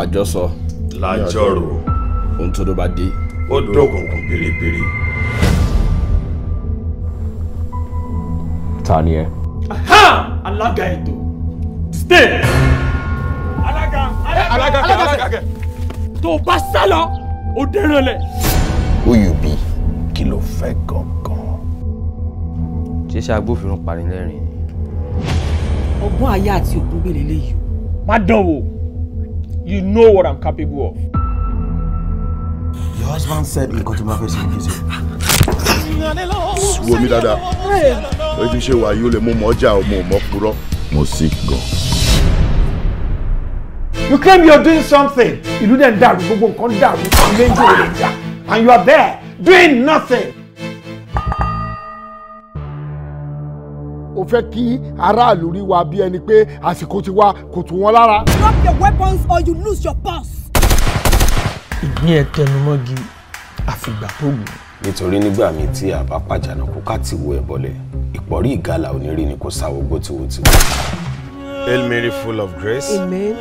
àjọsọ. lájọrò. ohun tó ló bá dé. ó dókòkò pérépéré. ta ni ẹ. alága ètò stay. alága alága alága tó o bá sá lọ o dẹ̀ràn lẹ. who you be kí ló fẹ́ gangan. ṣíṣe agbófinró parí lẹ́rìn-ín. ọgbọ́n aya àti ògùn gbèrè lè yìí. má dán wò. You know what I'm capable of. Your husband said he got to my face ní kìí ṣe. Wo mi Dada. lórí fi ṣe wàá yóò lè mú mọ́ ọjà ọmọ ọmọ purọ́. Mo sick gan. You claim you're doing something. Ìlú dẹ̀ ń dàrú, gbogbo nǹkan dàrú, ilé ń jò lè jà. And you are there doing nothing. o fẹ́ kí aráàlú rí wa bí ẹni pé àsìkò ti wá kò tù wọ́n lára. drop your weapons or you lose your purse. ìgbín ẹ tẹnumọ́gi àfìgbà tó wù. nítorí nígbà míì tí a bá pàjánà kó ká ti wo ẹ̀ bọ́lẹ̀ ìpọ̀rí ìgalà onírin ni kò sáwọ́ gbó tiwotiwo. Hail Mary full of grace. Amen.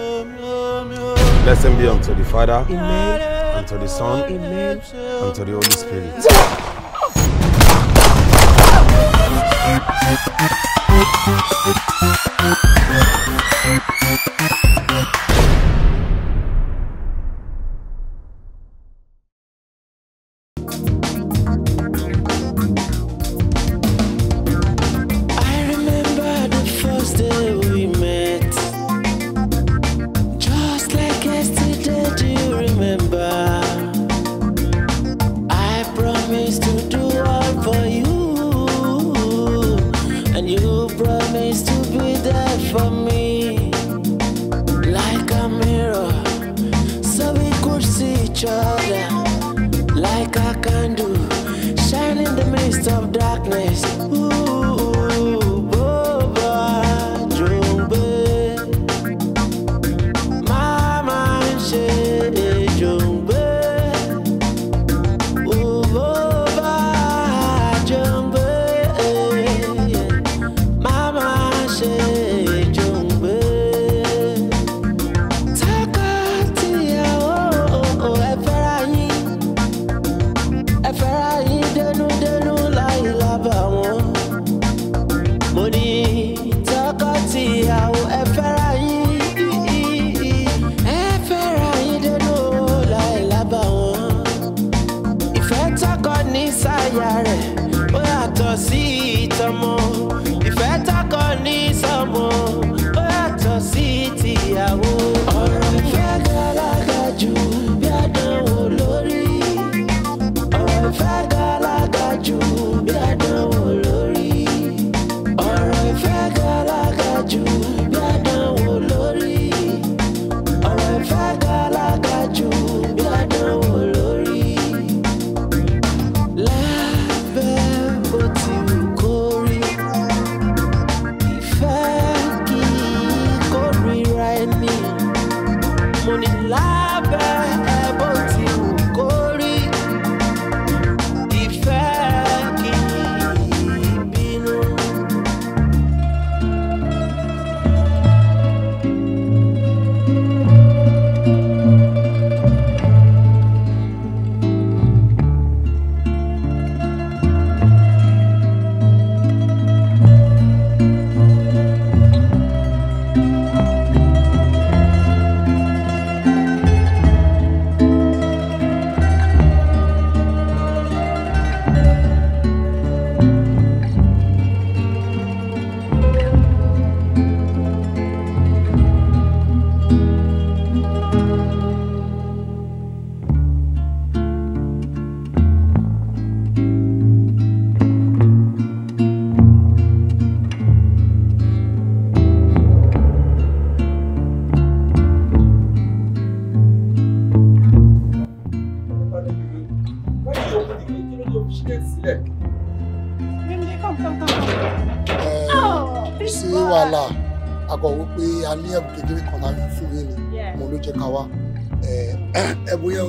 Blessed be unto the Father. Amen. Unto the Son. Amen. Unto the Holy Spirit. Thank you.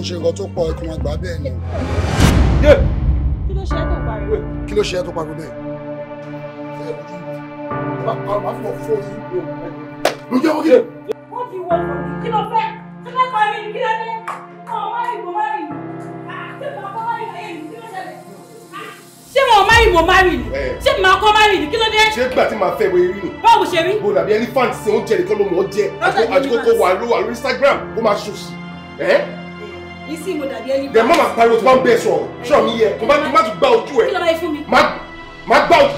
ń ṣe nǹkan tó pọ̀ ẹkùn àgbà bẹ́ẹ̀ ni. kí ló ṣe é tó pariwo. kí ló ṣe é tó pariwo bẹ́ẹ̀. lójú ẹ̀wọ̀n kí. wọ́n ti wọ ọ̀rọ̀ kí ló fẹ́ tí wọ́n parí ní kí ló dé wọn ò má rí ṣé mi kí kọ́ má rí ni kí ló dé. ṣé gbà tí màá fẹ́ wo eré ni. báwo ṣe rí. bó làbí elephant ṣe oúnjẹ nìkan ló mọ̀ ọ́ jẹ àti kókó wà ló lórí Instagram ó máa ṣòṣì ìsìn mo dàbí ẹni bá. dẹ̀ mọ́ máa pariwo tó bá ń bẹ̀ sọ̀rọ̀ ṣọ́ mi yẹ kò má má tún gbá ojú ẹ̀. kí ló máa ojú.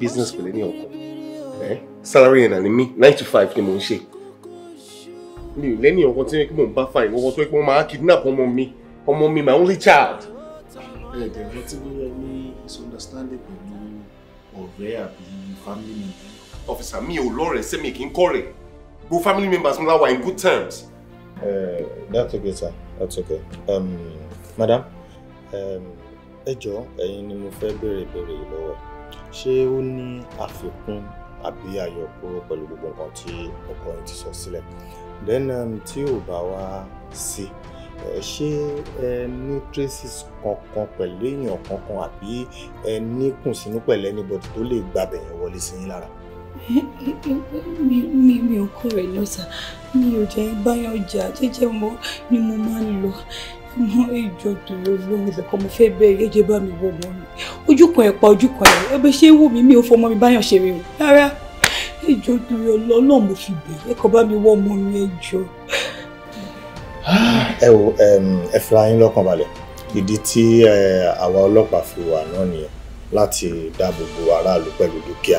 business pẹ̀lú ní ọkọ̀ eh? salary yẹn ni mí nine to five ni mò ń ṣe mi ò lẹ́ni ọkọ tí wọ́n mọ̀ ń bá fàyè wọ́n tó wọ́n máa kidnap ọmọ mi ọmọ mi my only child. ẹ̀ẹ́dẹ̀ẹ́dẹ́ tí wọ́n yẹ ní misunderstanding pẹ̀lú ọ̀rẹ́ àbí family member. Officer, me, ò lọ́rẹ̀ẹ́ say me, kì í kọ́rẹ̀. Gbogbo family members ńlá wà in good terms. Uh, that's okay sir, that's okay. Um, madam, um, ejo, ẹ̀yin ni mo fẹ́ béèrè ìbéèrè yìí lọ́wọ́. Ṣé ó ní àfikún àbí àyọkúrò pẹ̀lú gbogbo nǹkan tí Then um, tí ò bá Si, ẹ ṣé ẹ ní traces kankan pẹ̀lú èèyàn kankan àbí ẹ ní kùnsínú pẹ̀lú anybody tó lè gbàbẹ̀ yẹn wọlé sí yín lára. mi mi mi ò kó rẹ̀ lọ sá mi ò jẹ́ báyọ̀ ọjà jẹ́jẹ́ mọ́ ni mo máa ń lọ mọ ìjọ tòló lóhùn ibẹ̀ kọ́ mo fẹ́ bẹ̀rẹ̀ ẹ̀jẹ̀ bá mi wọ̀ wọ́n mi ojúkan ẹ̀ pa ojúkan ẹ̀ ẹ bẹ ṣé wù mí mi ò fọmọ mi báyọ̀ ṣeré o rárá ìjọ tòló lọ́lọ́ mo fi bẹ̀rẹ̀ ẹ̀kọ́ bá mi wọ́ ọmọ mi ẹ̀jọ̀. Ah ẹ wo ẹ fira yín lọ́kàn balẹ̀ ìdí tí àwa ọlọ́pàá fi wà náà nìyẹn láti dáàbò bo aráàlú pẹ̀lú dúkìá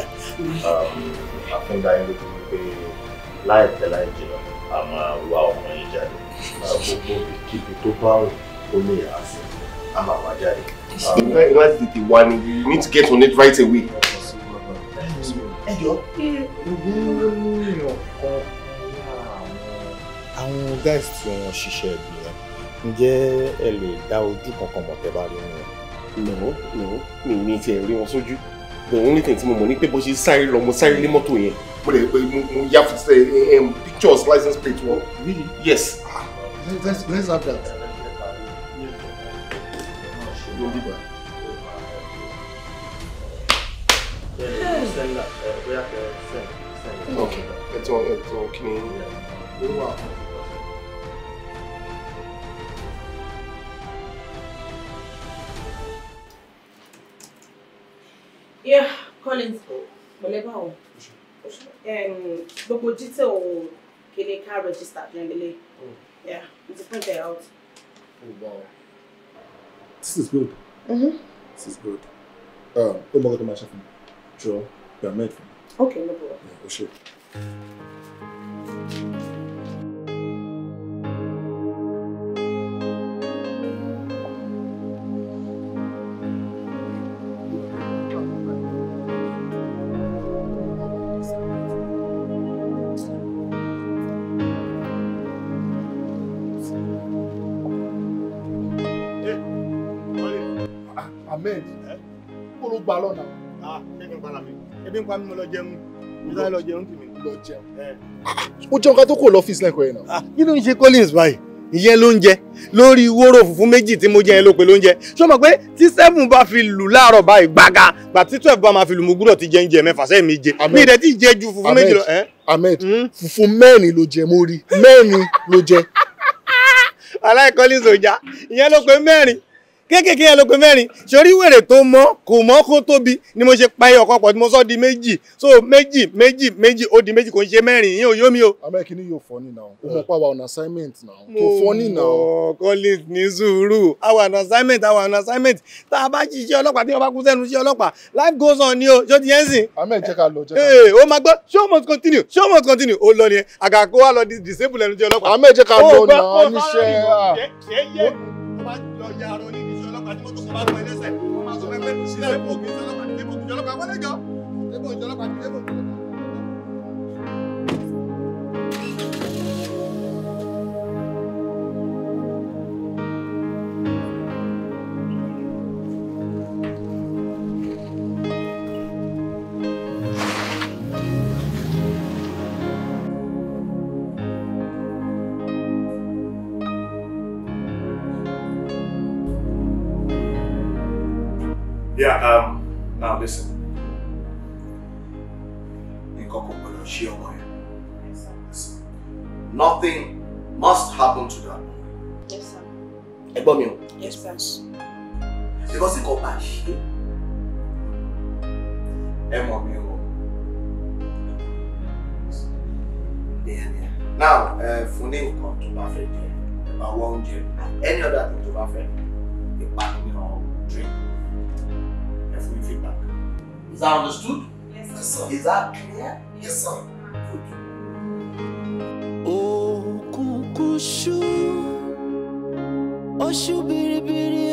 àfúndá yín lójú wípé láìpẹ́ láì jìnnà a máa wá ọmọ yín jáde gbogbo kíbi tó bá wù ó lè yà á sí a máa wá jáde. ìgbà tí tètè wá ni you need to get on it right away. ẹ jọ ẹ ẹ ẹ ẹ ẹ ẹ ẹ ẹ ẹ ẹ ẹ ẹ àwọn guys tí wọ́n ṣiṣẹ́ ibi yẹn ǹjẹ́ ẹ lè dá ojú kankan mọ̀ bá rí wọn. no no mi ò ní tiẹ̀ rí wọn sójú the only thing tí mo mọ̀ ni pé bó ṣe sáré lọ mo sáré lé mọ́tò yẹn mo lè pe mo ya eh, eh, pictures license plate wọn. really yes. Ah, let's let's have that. Okay. It's on, it's on, can you? Yeah, Collins. Whatever. Um, gbogbo detail kini ká register generally. Yeah, it's print it out. Oh wow. This is good. Mm-hmm. This is good. Um, ó mọ̀ kó tó máa ṣe fún you are made for me. Okay, no problem. Yeah, o ṣe. Sure. Ahmed kó ló gba lọ́nà. Ah, ṣé kí n para mi ebi ń pa mi mo lọ jẹun mi láì lọ jẹun tèmi. lọ jẹun. ó jẹun ká tó kò lọ fíìsì lẹ́kọ̀ọ́ yẹn náà. Ah, kí ló ń ṣe Collins báyìí ìyẹn ló ń jẹ lórí wóró funfun méjì tí mo jẹ yẹn ló pe ló ń jẹ ṣó mọ̀ pé tí seven bá fi lù láàárọ̀ báyìí gbàgà gbà tí twelve bá máa fi lù mú gbúdọ̀ ti jẹ ń jẹ mẹ́fà sẹ́yìn mi jẹ mi ìdẹ́ tí jẹ ju funfun méjì lọ. Ahmed hmm? funfun mẹ́rin ló jẹ mo rí mẹ́rin ló jẹ. aláìkọ́lé sòjà ìyẹn ló pe mẹ́rin kéékèèké yẹn ló pe mẹ́rin sórí wèrè tó mọ́ kò mọ́ kó tóbi ni mo ṣe pa ẹyọ kan pọ̀ tí mo sọ di méjì so méjì méjì méjì ó di méjì kò ń ṣe mẹ́rin yín ò yó mi o. amẹ́kì ni yóò fọ́ ni náà ó mọ̀ pa wà on assignment náà kò fọ́ ni náà. mo collins ní sùúrù àwa on assignment àwa on assignment tá a bá ṣiṣẹ́ ọlọ́pàá tí wọ́n bá kú sẹ́nu ṣiṣẹ́ ọlọ́pàá life goes on ni o ṣó ti yẹn sìn. amẹ́ jẹ́ ká lọ jẹ́ ká lọ. ee eh, o máa gbọ́ show must continue show must continue o lọ ni àgàkó wa lọ disable ẹnu ṣiṣẹ́ ọlọ́pàá. amẹ́ jẹ́ ká lọ náà níṣẹ́ ah àti mọ́tò kan bá gbọ́ ẹlẹ́sẹ̀ wọ́n máa sọ fẹ́ pé ṣílẹ̀ èbò kì í sọ́lọ́pàá ní èbò ìjọlọ́pàá wọlé Yeah, um, now listen. Yes, sir. Nothing must happen to that boy. Yes, sir. Ẹ̀gbọ́n mi o. Yes, sir. Because nǹkan bá ṣe. Ẹ mọ̀ mi o. Now, fún ní nǹkan tó bá fẹ́ I ẹ̀bà you. any other thing to bá fẹ́, ìpanu ni ọ̀ drink. That's my feedback. Is that understood? Yes, sir. Yes, sir. Is that clear? Yes, sir. Good. Oh, kukushu. Oshu biribiri.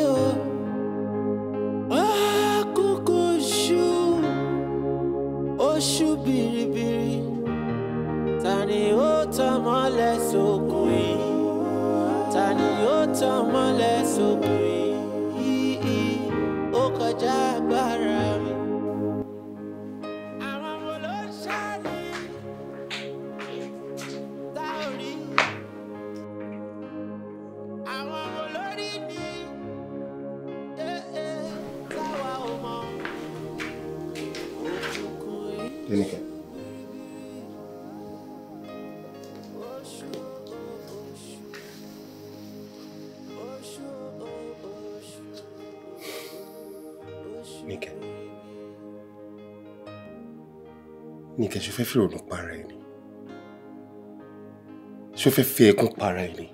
fẹ́ fi ìrònú para ẹ̀ ni ṣé o fẹ́ fi ẹkún para ẹ̀ ni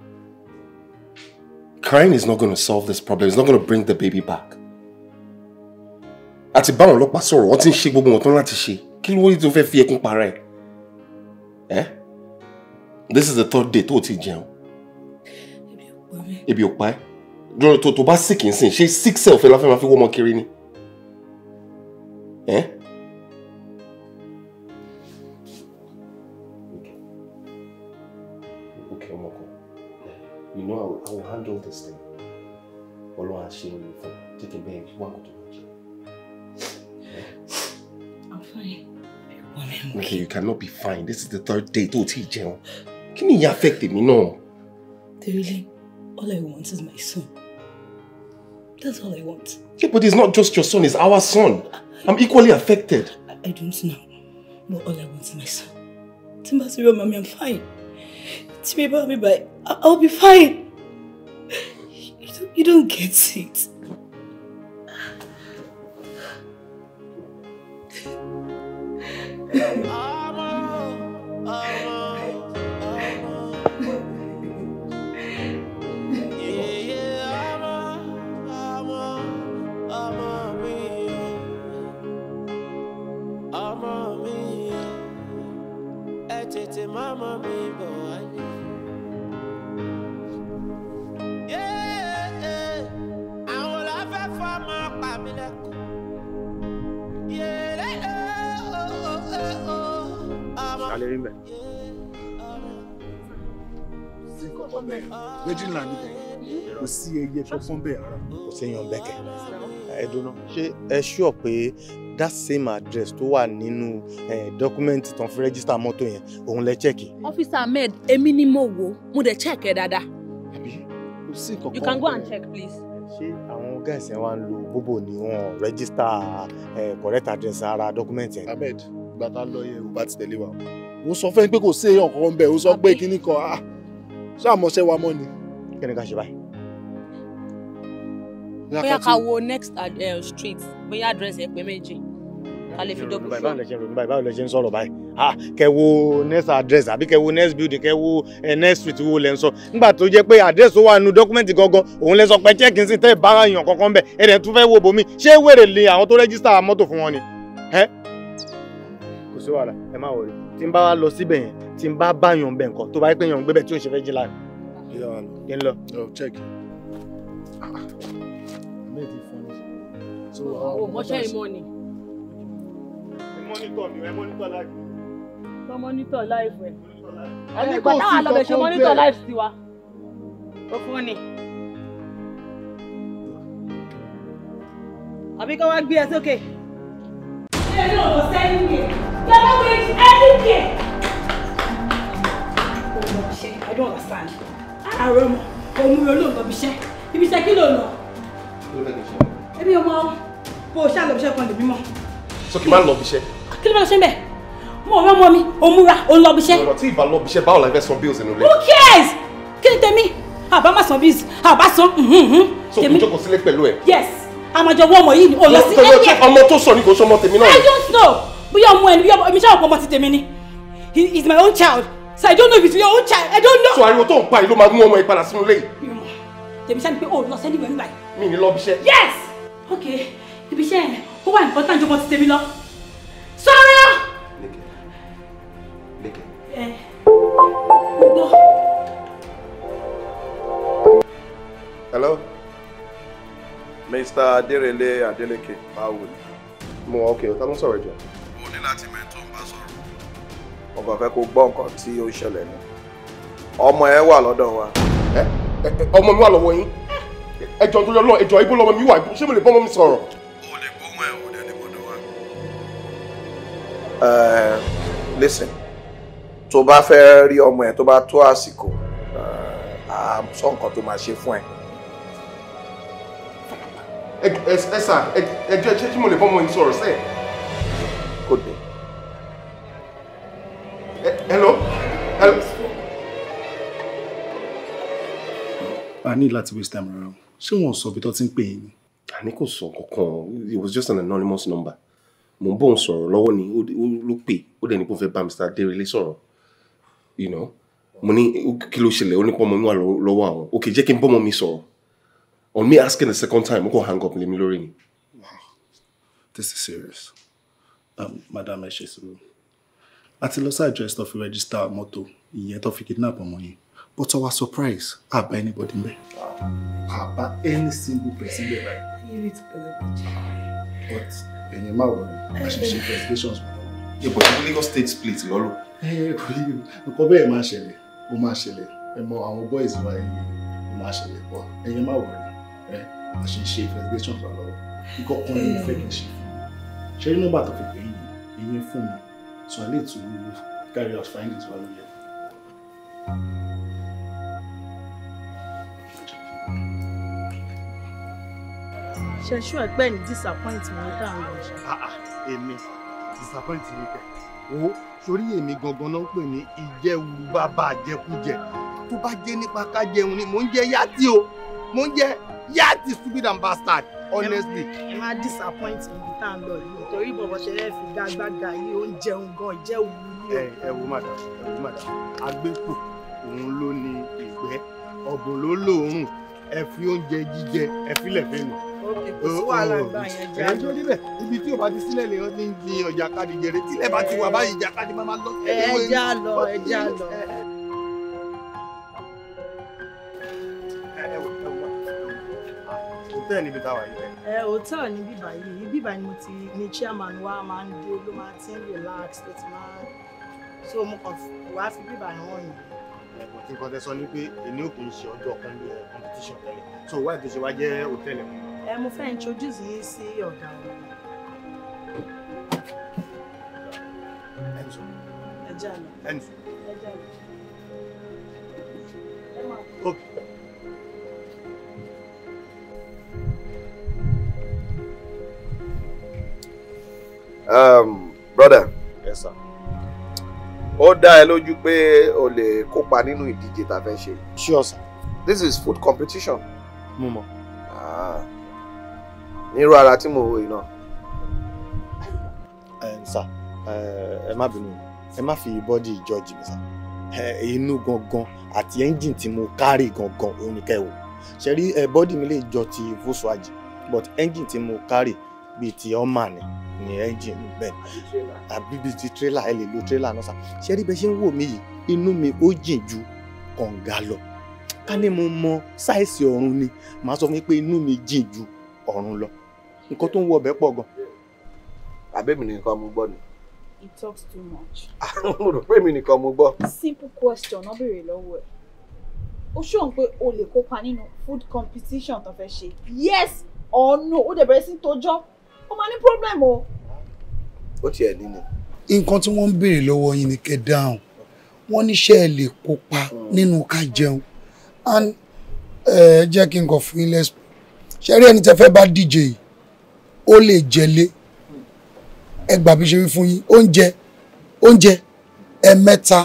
crying is not gonna solve this problem it's not gonna bring the baby back àti báwọn ọlọ́pàá sọ̀rọ̀ wọ́n ti ń ṣe gbogbo wọn tán láti ṣe kí ló wọ́n ti fẹ́ fi ẹkún para ẹ̀ ẹ́ eh? this is the third day tó o ti jẹun ebi ò pa ẹ́ lọ́rọ̀ tó tó bá sick nsìn ṣé sick self ẹ la fẹ́ máa fi wọ́n mọ kiri ni Eh? handle this thing. Ọlọ́run á ṣe Take fún jíkì bẹ́ẹ̀ wá kó tó jẹ. I'm fine. Okay, you cannot be fine. This is the third day. Don't teach Kí Can you affect me? No. Really, all I want is my son. That's all I want. Yeah, but it's not just your son, it's our son. I'm equally affected. I, I don't know. But all I want is my son. Timba, mommy, I'm fine. Timba, I'll be fine. You don't get it. wedding land ibẹ̀ kò sí ẹyẹ kankan bẹ́ẹ̀ rárá. kò sí èèyàn bẹ́kẹ̀ ẹ̀dùnà ṣé ẹ ṣúọ̀ pé that same address tó wà nínú document tán fi register mọ́tò yẹn òun lẹ check. ọ́fíìsà ahmed èmi ni mo wò mo dẹ̀ check ẹ̀ dáadáa. àbí kò sí kankan. you can go and check please. ṣé àwọn guys yẹn wá ń lo bóbò ni wọn register eh, correct address ara document yẹn. ahmed gbàtà lọ yẹ o bá ti tẹ̀lé wa o sọ fẹ́ pé kò sí èèyàn kankan bẹ́ẹ̀ o sọ pé kíní kan ah eh, ṣé àmọ́ṣẹ́ wa mọ́ ni. kí ni ká ṣe báyìí. bóyá ká wo next eh, street bóyá address ẹ pé méjì ká lè fi dọ́gbù fún. báwo next address abi kẹ next building kẹ eh, next street wo lẹ ń sọ nígbà tó jẹ́ pé address gangan òun lẹ sọ pé check in kankan bẹ̀ ẹ̀ dẹ̀ tún wo bòmí ṣé to sí wàhálà ẹ má wọlé tí n bá wa lọ síbẹ̀ yẹn tí n bá bá yàn bẹ̀ nǹkan tó bá yẹ pé yàn ń gbébẹ̀ tí ò ń ṣe fẹ́ jí láàrin. kí n lọ. ọ check. mi ti fọ ní. o mọṣẹ́ ìmọ̀ ni. ẹ mọ́nítọ̀ mi ẹ mọ́nítọ̀ láìpẹ́. sọ mọ́nítọ̀ láìpẹ́. a ní kò sí kankan bẹ́ẹ̀ ṣe mọ́nítọ̀ láìpẹ́ tiwa. o fún ni. àbí kí wọ́n gbé ẹ sókè. ẹ ní ọ̀pọ̀ sẹ́yìn yẹn. I don't understand. Ààrẹ ọmọ, òun yóò lò lọ bíṣẹ́. Ibiṣẹ́ kí ló lọ? Ebi ọmọ bó ṣáà lọ bíṣẹ́ kan lè mímọ́. Sọ kí n máa lọ bíṣẹ́. Kí ló máa ṣe ń bẹ̀? Mo rán ọmọ mi, òun múra, òun lọ bíṣẹ́. Ọ̀rọ̀ tí ìbá báwo la fẹ́ san bills nínú ilé? Who cares? Kí ni tèmi? Àbá má san bills, àbá san. So kò jókòó sílé pẹ̀lú ẹ̀? Yes, àmàjọ wọ ọmọ yìí ni òun lọ sí ẹ̀yẹ. Ọmọ tó sọ ni kò sọ ọmọ tèmi náà. I don't know bóyá ọmọ ẹni bóyá èmi ṣáà ọmọ ti tèmi ni he is my own child so I don't know if it's your own child I don't know. sọ ariwo tó ń pa yìí ló máa mú ọmọ yìí padà sínú lẹ́yìn. tèmi ṣáà ni pé o lọ sẹ́ni ìwé nígbà mi ni lọ bíṣẹ́. yes ok ibi iṣẹ́ yẹn ó wà important ju ọmọ ti tèmi lọ. sọ́ra. lẹ́kẹ̀ lẹ́kẹ̀. ẹ hello mr aderele adeleke báwo ni. mo ok ọ̀tá ló ń sọ̀rọ̀ jù láti mẹ́tò ń bá sọ̀rọ̀. mo kàn fẹ́ kó gbọ́ nǹkan tí ó ṣẹlẹ̀ ni ọmọ ẹ wà lọ́dọ̀ wa. ọmọ mi wà lọ́wọ́ yín ẹjọ́ tó yọ lọ ẹjọ́ ibo lọmọ mi wà ṣé mo lè bọ́ ọmọ mi sọ̀rọ̀. o lè gbóhùn ẹ̀ o dẹ̀ ní bọ́dọ̀ wa. listen tó bá fẹ́ rí ọmọ ẹ tó bá tó àsìkò àá sọ nǹkan tó máa ṣe fún ẹ ẹ ẹ sà ẹ ẹ jẹ́ ṣé tí mo lè bọ́ ọmọ yìí sọ̀rọ̀ sẹ́ẹ̀ kò dé. hello hello. a ní to waste time around. ṣé wọn sọ ibi tó ti ń pè é ni. it was just an anonymous number mo ń bọ̀ ń sọ̀rọ̀ lọ́wọ́ ni ó ló pè ó dẹ̀ ní kó fẹ́ bá you know money. ní kí ló ṣẹlẹ̀ ó ní pọ́nmọ́ mi wà lọ́wọ́ àwọn ok jẹ́ kí on me asking a second time ó kàn hang up lé mi lórí Wow, this is serious um, madam ẹ ṣe sùúrù a ti lọ sí address tó fi rẹ́gísítà mọ́tò ìyẹn tó fi kidnap ọmọ yẹn but our surprise àbá anybody mbẹ àbá any single person mbẹ báyìí. but ẹ̀yin máa wọ̀ ọ́ ṣe ṣe investigations. ipò tí Lagos state split lọ́rùn. nǹkan bẹ́ẹ̀ máa ṣẹlẹ̀ ó máa ṣẹlẹ̀ ẹ mọ àwọn boys wa yìí ó máa ṣẹlẹ̀ pọ̀ ẹ̀yin máa wọ̀ ọ́ ṣe ṣe investigations lọ́wọ́ nǹkan kan ẹ̀yin fẹ́ kì í ṣe ṣe rí nọ́mbà tó fi in. yín ẹ̀yin fún mi so i need to carry out findings while we're here. She ẹgbẹ́ ní been disappointed, ní dáhùn lọ. Ah, ah, èmi disappoint mi kẹ wo sórí èmi gangan náà ń pè ní ìjẹwù bàbá àjẹkújẹ tó bá jẹ nípa ká jẹun ni mò ń jẹ o mò yati stupid and bastard honestly. ẹ má disappoint mi bí tá à ń lọ yìí torí bọ̀bọ̀ ṣe lẹ́ẹ̀ fi gbágbága yìí ó ń jẹun gan ìjẹ́ òwú ni o. ẹ wo madam ẹ wo madam agbépo òun ló ní ìgbẹ́ ọ̀bùn ló lòórùn ẹ fi oúnjẹ jíjẹ ẹ filẹ̀ fẹ́nu. ok kò sí wàhálà gbà yẹn jẹ́ àjọ. ẹ jọ níbẹ̀ ibi tí o bá ti sílẹ̀ lè rántí ní ọjà kadìjẹrẹ tílẹ̀ bá ti wà báyìí ìjà kadì máa lọ. ẹ já lọ ẹ já lọ. hòtẹ́ẹ̀ níbi táwa yìí. ẹ hòtẹ́ẹ̀ ní bíbá yìí bíbá ni mo ti ní chairman wa máa ń dé ló máa ti ń relax ló ti máa so mo kàn wá fi bíbá yẹn wọ̀n yìí. ẹ̀kọ́ tí kọ́tẹ́ sọ ni pé èmi ò kì í ṣe ọjọ́ kan ní competition tẹ́lẹ̀ so wáyé tó ṣe wá jẹ́ hòtẹ́ẹ̀lì mi. ẹ mo fẹ́ introduce yín sí ọ̀gá mi. ẹ jẹ́ àná. ẹ jẹ́ àná. ẹ máa. Um, brother. Yes, sir. Ó dá ẹ lójú pé o lè kópa nínú ìdíje tá fẹ́ ṣe. Sure, sir. This is food competition. Mo mọ̀. Ah. Nírú ara tí mo wò yìí náà. Eh, sir, eh, ẹ má bínú, ẹ má fi bọ́dì jọ́ọ̀jì mi sá. Eh, inú gangan àti ẹ́ńjìn tí mo kárì gangan òun ni kẹ́wò. Ṣé rí bọ́dì mi lè jọ ti Volkswagen but ẹ́ńjìn tí mo kárì bíi ti Hummer ni ní ẹ́ńjìnì bẹ́ẹ̀ àbí ti tírélà ẹ lè lo tírélà náà sà ṣé rí bẹ́ẹ̀ ṣe ń wò mí yìí mi ó jìn ju kànga lọ ká ní mo mọ sáìsì ọ̀run ni màá sọ fún yín pé mi jìn ju ọ̀run lọ nǹkan tó ń wọ ọbẹ̀ pọ̀ gan. àbẹ́mi nìkan mo gbọ́ ni. he talks too much. mo rò pé mi nìkan mo gbọ́. simple question ọ béèrè lọ́wọ́ ẹ̀ ó ṣóhun pé o lè kópa nínú food competition tó fẹ́ ṣe yes or no ó dẹ̀ bẹ̀rẹ̀ sí tójọ́ ó máa ní problem o. ó tiẹ̀ ní ni. nǹkan tí wọ́n ń béèrè lọ́wọ́ yín ni kẹ́ dáhùn wọ́n níṣẹ́ ẹ lè kópa nínú ká jẹun and ẹ jẹ́ kí n kàn fún yín lẹ́sùn ṣe rí ẹni tẹ́ fẹ́ bá díje yìí ó lè jẹlé ẹ gbà bí ṣe wí fún yín oúnjẹ oúnjẹ ẹ̀mẹ́ta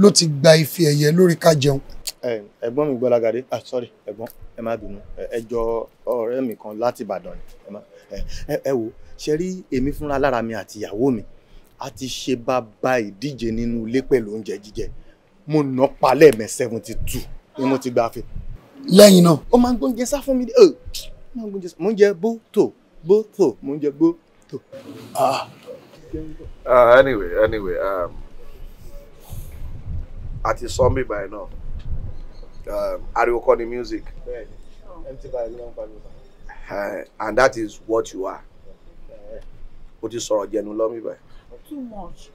ló ti gba ife ẹ̀yẹ lórí ká jẹun. ẹ̀gbọ́n mi gbọ́lágadé ah sorry ẹ̀gbọ́n ẹ má bínú ẹ jọ ọ̀rẹ́ mi kan láti Ìbàdàn ni ẹ eh, eh, eh, wo ṣe rí èmi fúnra lára mi àti ìyàwó mi a ti ṣe bàbá ìdíje nínú ilé pẹ̀lú oúnjẹ jíjẹ mo nà palẹ̀ mẹ́ seventy two ni mo ti gbà fi. lẹ́yìn náà. ó máa ń gbóúnjẹ sá fún mi dé mo ń jẹ bó tò bó tò mo ń jẹ bó tò. Ah. Ah, anyway anyway àti um, sọ́mbì báyìí náà um, ariwo kọ́ ni music. bẹ́ẹ̀ni mt ló ń pariwo báyìí uh, and that is what you are o ti sọ̀rọ̀ jẹnu lọ́mí báyìí.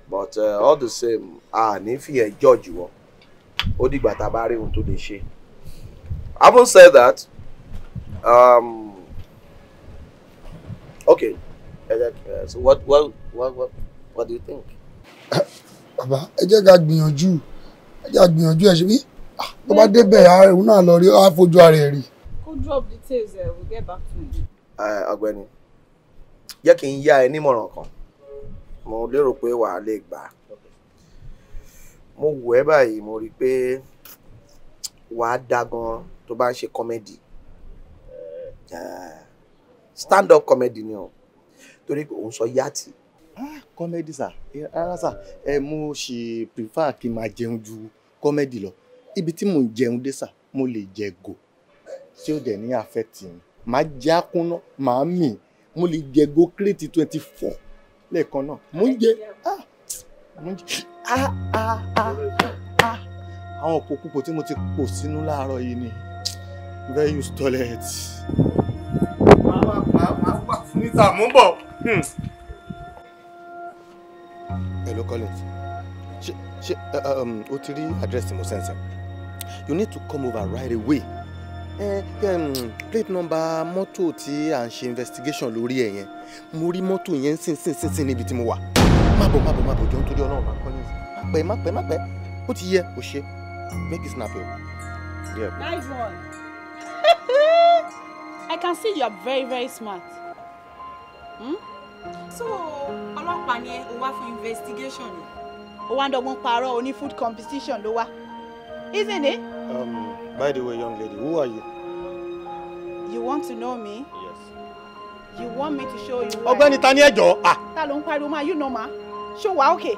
but uh, all the same a ní fi ẹ̀ judge wọ ó dìgbà tá a bá rí ohun tó lè ṣe. having said that um, okay uh, so what, what, what, what, what do you think. bàbá ẹ jẹ́ ká gbìyànjú ẹ jẹ́ ká gbìyànjú ẹ̀ ṣe bí ah, tó bá débẹ̀ òun náà lọ rí á fojú ara rí we'll drop details uh, we'll get back to you. ọ̀gbẹ́ni jẹ́ kí n yá ẹ nímọ̀ràn kan mo lérò pé wàá lè gbà á mo wù ẹ́ báyìí mo rí i pé wàá da gan tó bá ń ṣe kọ́mẹ́dì stand up comedy ni o torí pé òun sọ yáàtì. kọ́mẹ́dì sà rárá sà ẹ mo ṣì prefer kí n máa jẹun ju kọ́mẹ́dì lọ ibi tí mò ń jẹun dé sà mo lè jẹ go tí ó dẹ̀ ní affect mi màá jẹ́ àkúnná màá mì mo lè jẹ go crate twenty four lẹ́ẹ̀kan náà mo ń jẹ ah mo ń ah ah ah ah àwọn òpópó tí mo ti pò sínú láàárọ̀ yìí ni very use toilet. màá wá wá fún níta mú bọ̀. Hmm. hello Collins ṣe ṣe um, o ti rí àdírẹ́sì mo sẹ́nsẹ̀ you need to come over right away. Eh, um, plate number mọ́tò tí à ń ṣe investigation lórí ẹ̀ yẹn mo rí mọ́tò yẹn sínsinsinsin níbi tí mo wà má bọ̀ má bọ̀ má bọ̀ jọ nítorí ọlọ́run máa ń kọ́ ní ìsìn má pẹ́ má pẹ́ má pẹ́ ó ti yẹ kò ṣe make it snap Yeah. nice one I can see you are very very smart. Hmm? so ọlọ́pàá ni o wá for investigation ni. o wá ń dọ́gbọ́n parọ́ o ní food competition ló wá isn't it. Um, By the way, young lady, who are you? You want to know me? Yes. You want me to show you where? Ọ̀gbẹ́ni ta ni ẹjọ́? Ah. Ta ló ń pariwo you know ma? Show wàá okay?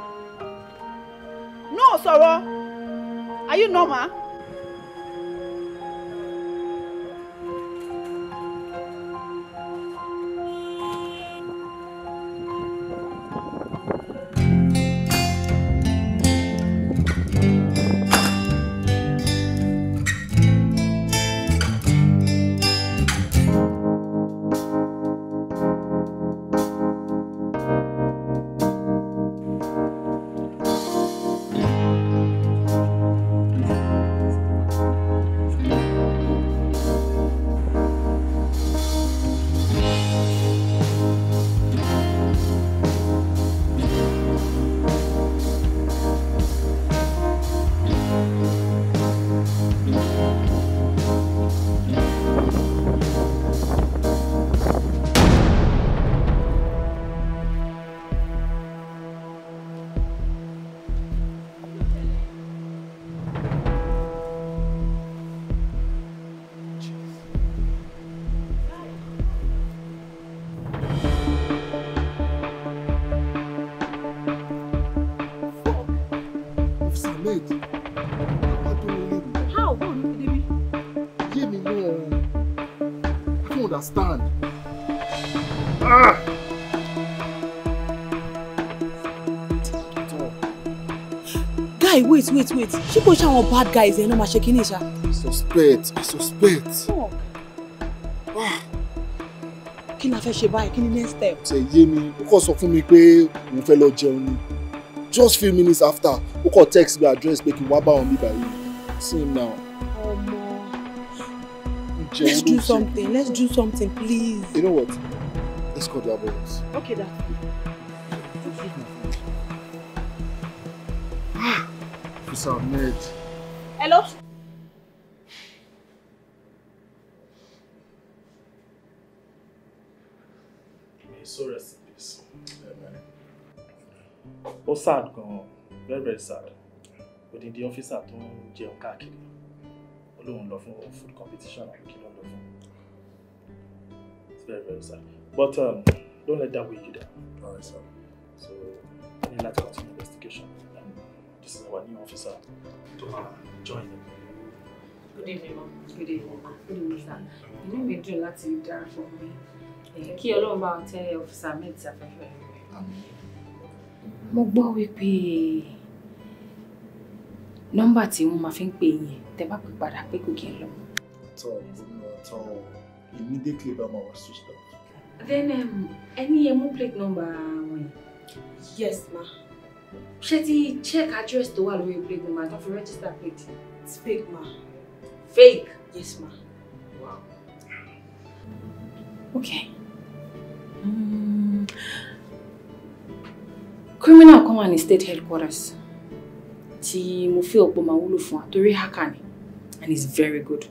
No sorrow. Are you normal? understand. Ah! Guy, wait, wait, wait. She kò ṣe bad guys You know, my shaking kí I Suspect, I suspect. Ah! Kí la fẹ́ ṣe báyìí? Kí ni next step? Say, Yemi. mi? Ó kàn sọ fún mi pé òun fẹ́ Just few minutes after, ó kàn text me address Make you wabba on me by you. See him now jẹun let's do something let's do something please. you know what let's call the ambulance. okay that's good. Officer Ahmed. Hello? So rest in peace. Ó sad gan very very sad. But in the ọ́físà tó ń jẹun káàkiri. Ó lóun lọ fún food competition àbí kí very very sad but um, don't let that weigh you down. all right sir. so i need like to continue investigation and this is our new officer Tohara uh, join them. good evening ma good evening ma good evening sir inú mi dùn láti darapọ̀ mọ́ yín kí ọlọ́run bá tẹ ọ̀fíìsà mẹ́tì afẹ́fẹ́. mo gbọ́ wípé nọ́mbà tí wọ́n máa fi ń pè yín tẹ́ bá pè padà pe kò kí n At all. ọ̀tọ̀ ọ̀tọ̀. immediately about my was switched off. Then, um, any EMU plate number? Yes, ma. Ṣé check address tó where we plate number tó fi register plate. It's fake, ma. Fake? Yes, ma. Wow. Okay. Mm. Criminal Command wà state headquarters. Tí mo feel ma ó máa hakani, and he's very good.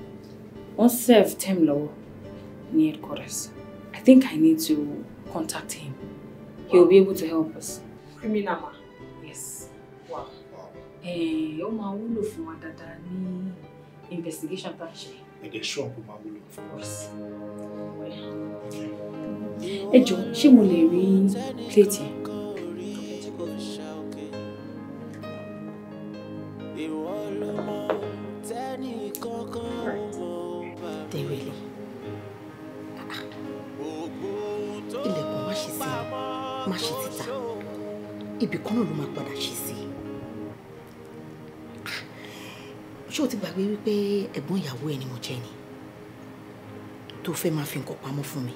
Wọ́n serve term law. near headquarters. I think I need to contact him. He'll be able to help us. Criminal Yes. Wow. Eh, ó máa wúlò fún wa dáadáa ní investigation tá a ṣe. Ẹ dẹ̀ ṣọ́ ọ̀pọ̀ máa wúlò fún wa. Ẹ jọ̀ọ́, ṣé mo lè ibì kan náà ló máa padà ṣe sí ṣé o ti gbàgbé wípé ẹ̀gbọ́n ìyàwó ẹ ni mo jẹ́ ni tó fẹ́ máa fi nǹkan pamọ́ fún mi.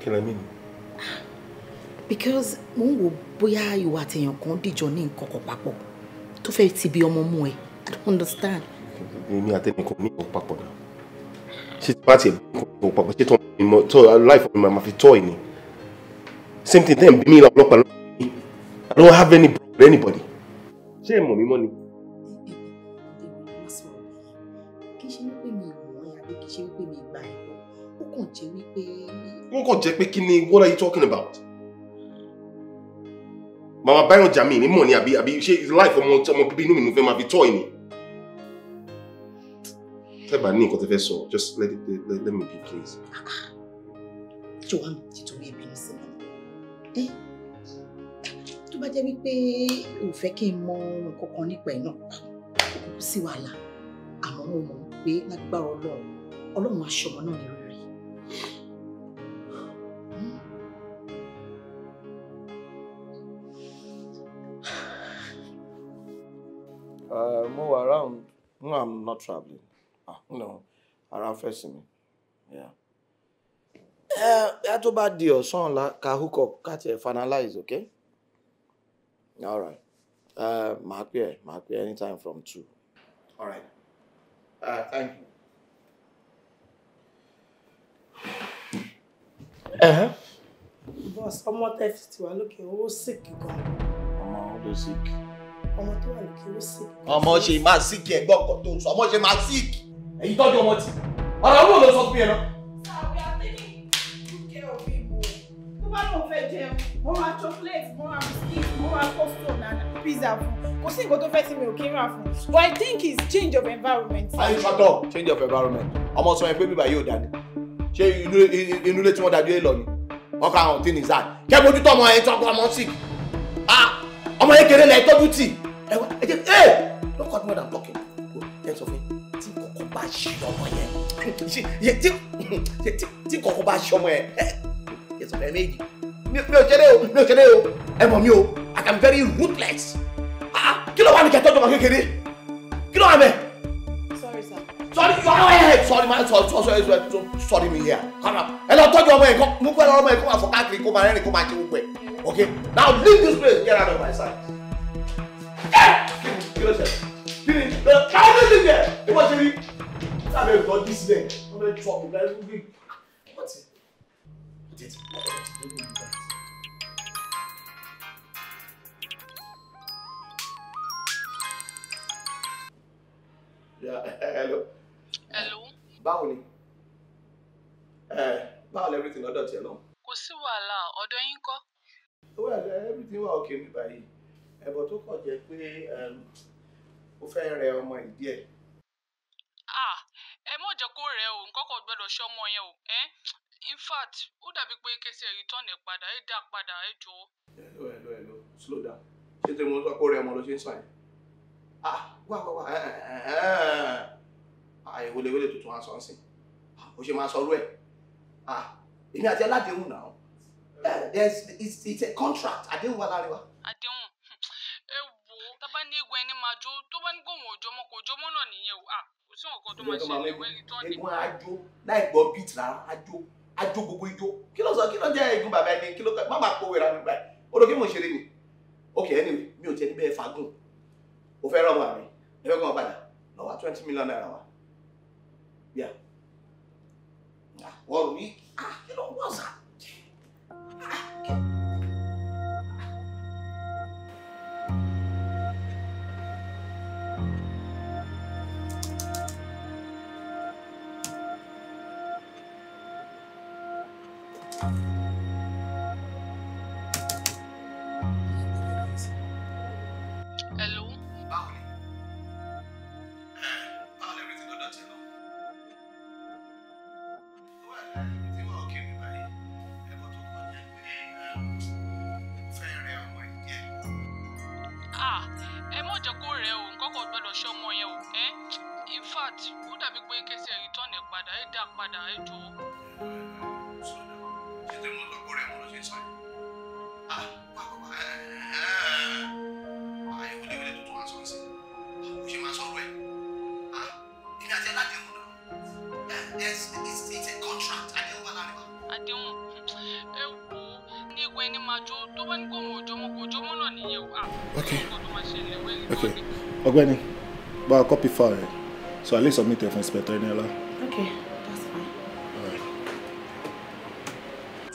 kí la mean. because mo ń wo bóyá ìwà àtẹ̀yàn kan dìjọ ní nǹkan kan papọ̀ tó fẹ́ ti bí ọmọ mú ẹ i don't understand. èmi àtẹnìkan mi ò papọ̀ náà ṣé tí bá tiẹ̀ bí nǹkan papọ̀ ṣé tó láìfọ̀ mi máa fi tọ́ ẹ̀ ni same thing then bí mi ọlọ́pàá lọ́wọ́ I don't have any problem anybody ṣé mommy money. mí mọ́ ni. kì í what are you talking about? màmá báyọ̀ jàmí ní money abi abi. She is life for ọmọ bíbí people. mi ló fẹ́ máa fi tọ́ ẹ̀ ni tẹ́bà ní nǹkan tẹ́ just let it let, let me be please. jọ̀wọ́ ah, ah. mi ti torí ẹbí mi tó bá jẹ́ wípé o fẹ́ kí n mọ ohun kankan nípa ẹ̀ náà kò sí wàhálà àmọ́ mo mọ̀ pé lágbára ọlọ́run ọlọ́run uh, not traveling ah, no ara fẹ́ Yeah. ẹ ẹ tó bá di ọ̀sán ọ̀la ká hook up ká tiẹ̀ finalize okay all right eh, màá pè ẹ́ màá pè ẹ́ anytime from two all right uh, thank you. Uh-huh. Boss, ọmọ tẹ́fì ti wà lókè owó sick gan. Ọmọ ló sick. Ọmọ tó wà lókè owó sick. Ọmọ ṣe máa sick ẹ̀gbọ́n kan tó ń sọ, ọmọ ṣe máa sick. Èyí tọ́jú ọmọ tì. Ọ̀rọ̀ owó ló sọ fún yẹn náà. bá fẹ́ jẹun mo ra chocolate mo ra biscuit mo ra custard and pizza fún kò sí nǹkan tó fẹ́ sí mi ò kí n rà fún but I think it's change of environment. ayi shut up change of environment ọmọ sọ yẹn pé bíbá yóò dání ṣé inú ilé tí wọ́n dájú ẹ lọ ni wọ́n kà hàn tí ní sáà kẹ́ bójú tó ọmọ yẹn tó ọkọ ọmọ sí ah, ọmọ yẹn kéré lẹ́ẹ̀ tọ́jú tì ẹ wá ẹ jẹ ẹ lọ́kọ̀ tí wọ́n dà ń tọ́kì kò jẹ́ sọ fún yín tí kọ̀ọ̀kan bá ṣe ọmọ yẹn tí kọ̀ọ̀kan bá ṣe ọmọ yẹn jẹ sọ̀rọ̀ ẹ méjì mi ò ṣeré o mi ò ṣeré o ẹ mọ̀ mi o I am very ruthless kí ló wà ní kẹtọ́ jọba kékeré kí ló wà mẹ́. sorry sir. sorry you sorry, ahead sorry sorry, sorry sorry sorry sorry mi here come on ẹ lọ tọ́jú ọmọ yẹn kọ́ mú pẹ́ lọ́wọ́ ọmọ yẹn kó máa fọ káàkiri kó máa rẹ́rìn kó máa jẹ gbogbo ẹ̀ okay now leave this place get out of my sight. kí ló ṣe kí ni the kind of thing there ìwọ ṣe rí sábẹ́ ìtọ́jú sílẹ̀ wọ́n fẹ́ tọ́ ọ̀gá ẹ̀ Dit. Hello. Hello. Báwo ni? Eh, báwo lẹ everything lọ́dọ̀ tiẹ̀ náà? Kò sí wàhálà, ọ̀dọ̀ yín kọ́. Oh, well, eh, everything wà okay mi báyìí. Ẹ̀bọ̀ tó kọ̀ jẹ́ pé ehm, ó fẹ́ rẹ ọmọ ìdí ẹ̀. Ah, ẹ mọ̀ jẹ́ kó rẹ̀ o, nǹkan kan gbọ́dọ̀ ṣọmọ yẹn o. Eh? in fact ó dàbí pé kẹsẹ̀ yìí tọ̀nà padà ẹ dá padà ẹ jọ. hello hello hello slow down ṣé tí mo sọ kó rẹ ọmọ ló ṣe ń sàn yẹn ah wá wá wá àì eh, eh, eh, ah, wọléwọlé tuntun aṣọ ń sìn ah, ó ṣe máa sọ ọrú ẹ ah èmi àti aládéhùn náà it's it's a contract àdéhùn wa láàrin wa. àdéhùn ẹ wò ó tá a bá ní egun ẹni máa jó tó bá ní kóhùn òjọmọ kò jọmọ náà nìyẹn o ah kò sí nǹkan tó máa ṣe ẹgbẹ́ ìtọ́ni. egun àjò láì gbọ́ bíìtì rárá àjò ajó gbogbo ijó kí ló sọ kí ló jẹ́ igun bàbá ẹni kí ló má máa kó wèrà nígbà yìí ó kí mò ń ṣeré ni ok anyway mi ò tiẹ̀ ní bẹ́ẹ̀ fagùn o fẹ́ rọ̀mọ̀ àmì ẹ fẹ́ kọ́ ọ padà lọ́wọ́ twenty million naira wa yà wọ́n rí ah kí ló wọ́n sá. gbọ́dọ̀ ṣọmọ yẹn o ẹ́ in fact ó dàbí pé kẹsì ẹ̀rí tọ́nà padà ẹ̀ dá padà ẹ̀ jọ. ṣé tẹ̀mọ́ lọ́kùnrin ọmọ ló ṣe sọ Àdéhùn wà láàrin wa. ní ìwé ẹni máa jó tó bá ní kó wọn kò jọmọ náà nìyẹn o. Ah, okay. Okay. ọ̀gbẹ́ni bá a copy file so i lè submit ẹ fún inspector Eniola. okay that's fine.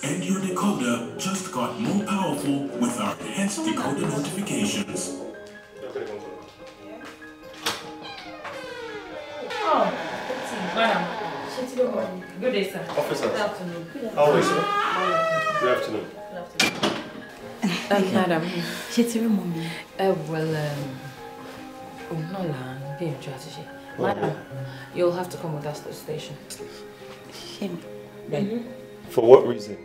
And your decoder just got more powerful with our enhanced decoder notifications. Oh, madam. Good day, sir. Officer. Good afternoon. How are you, sir? Good afternoon. Good afternoon. Thank madam. Ṣé ti rí Well. Um, òun náà là ń gbìyànjú àti ṣe madam you'll have to come with us to the station. ṣé mi. bẹ́ẹ̀ni. for what reason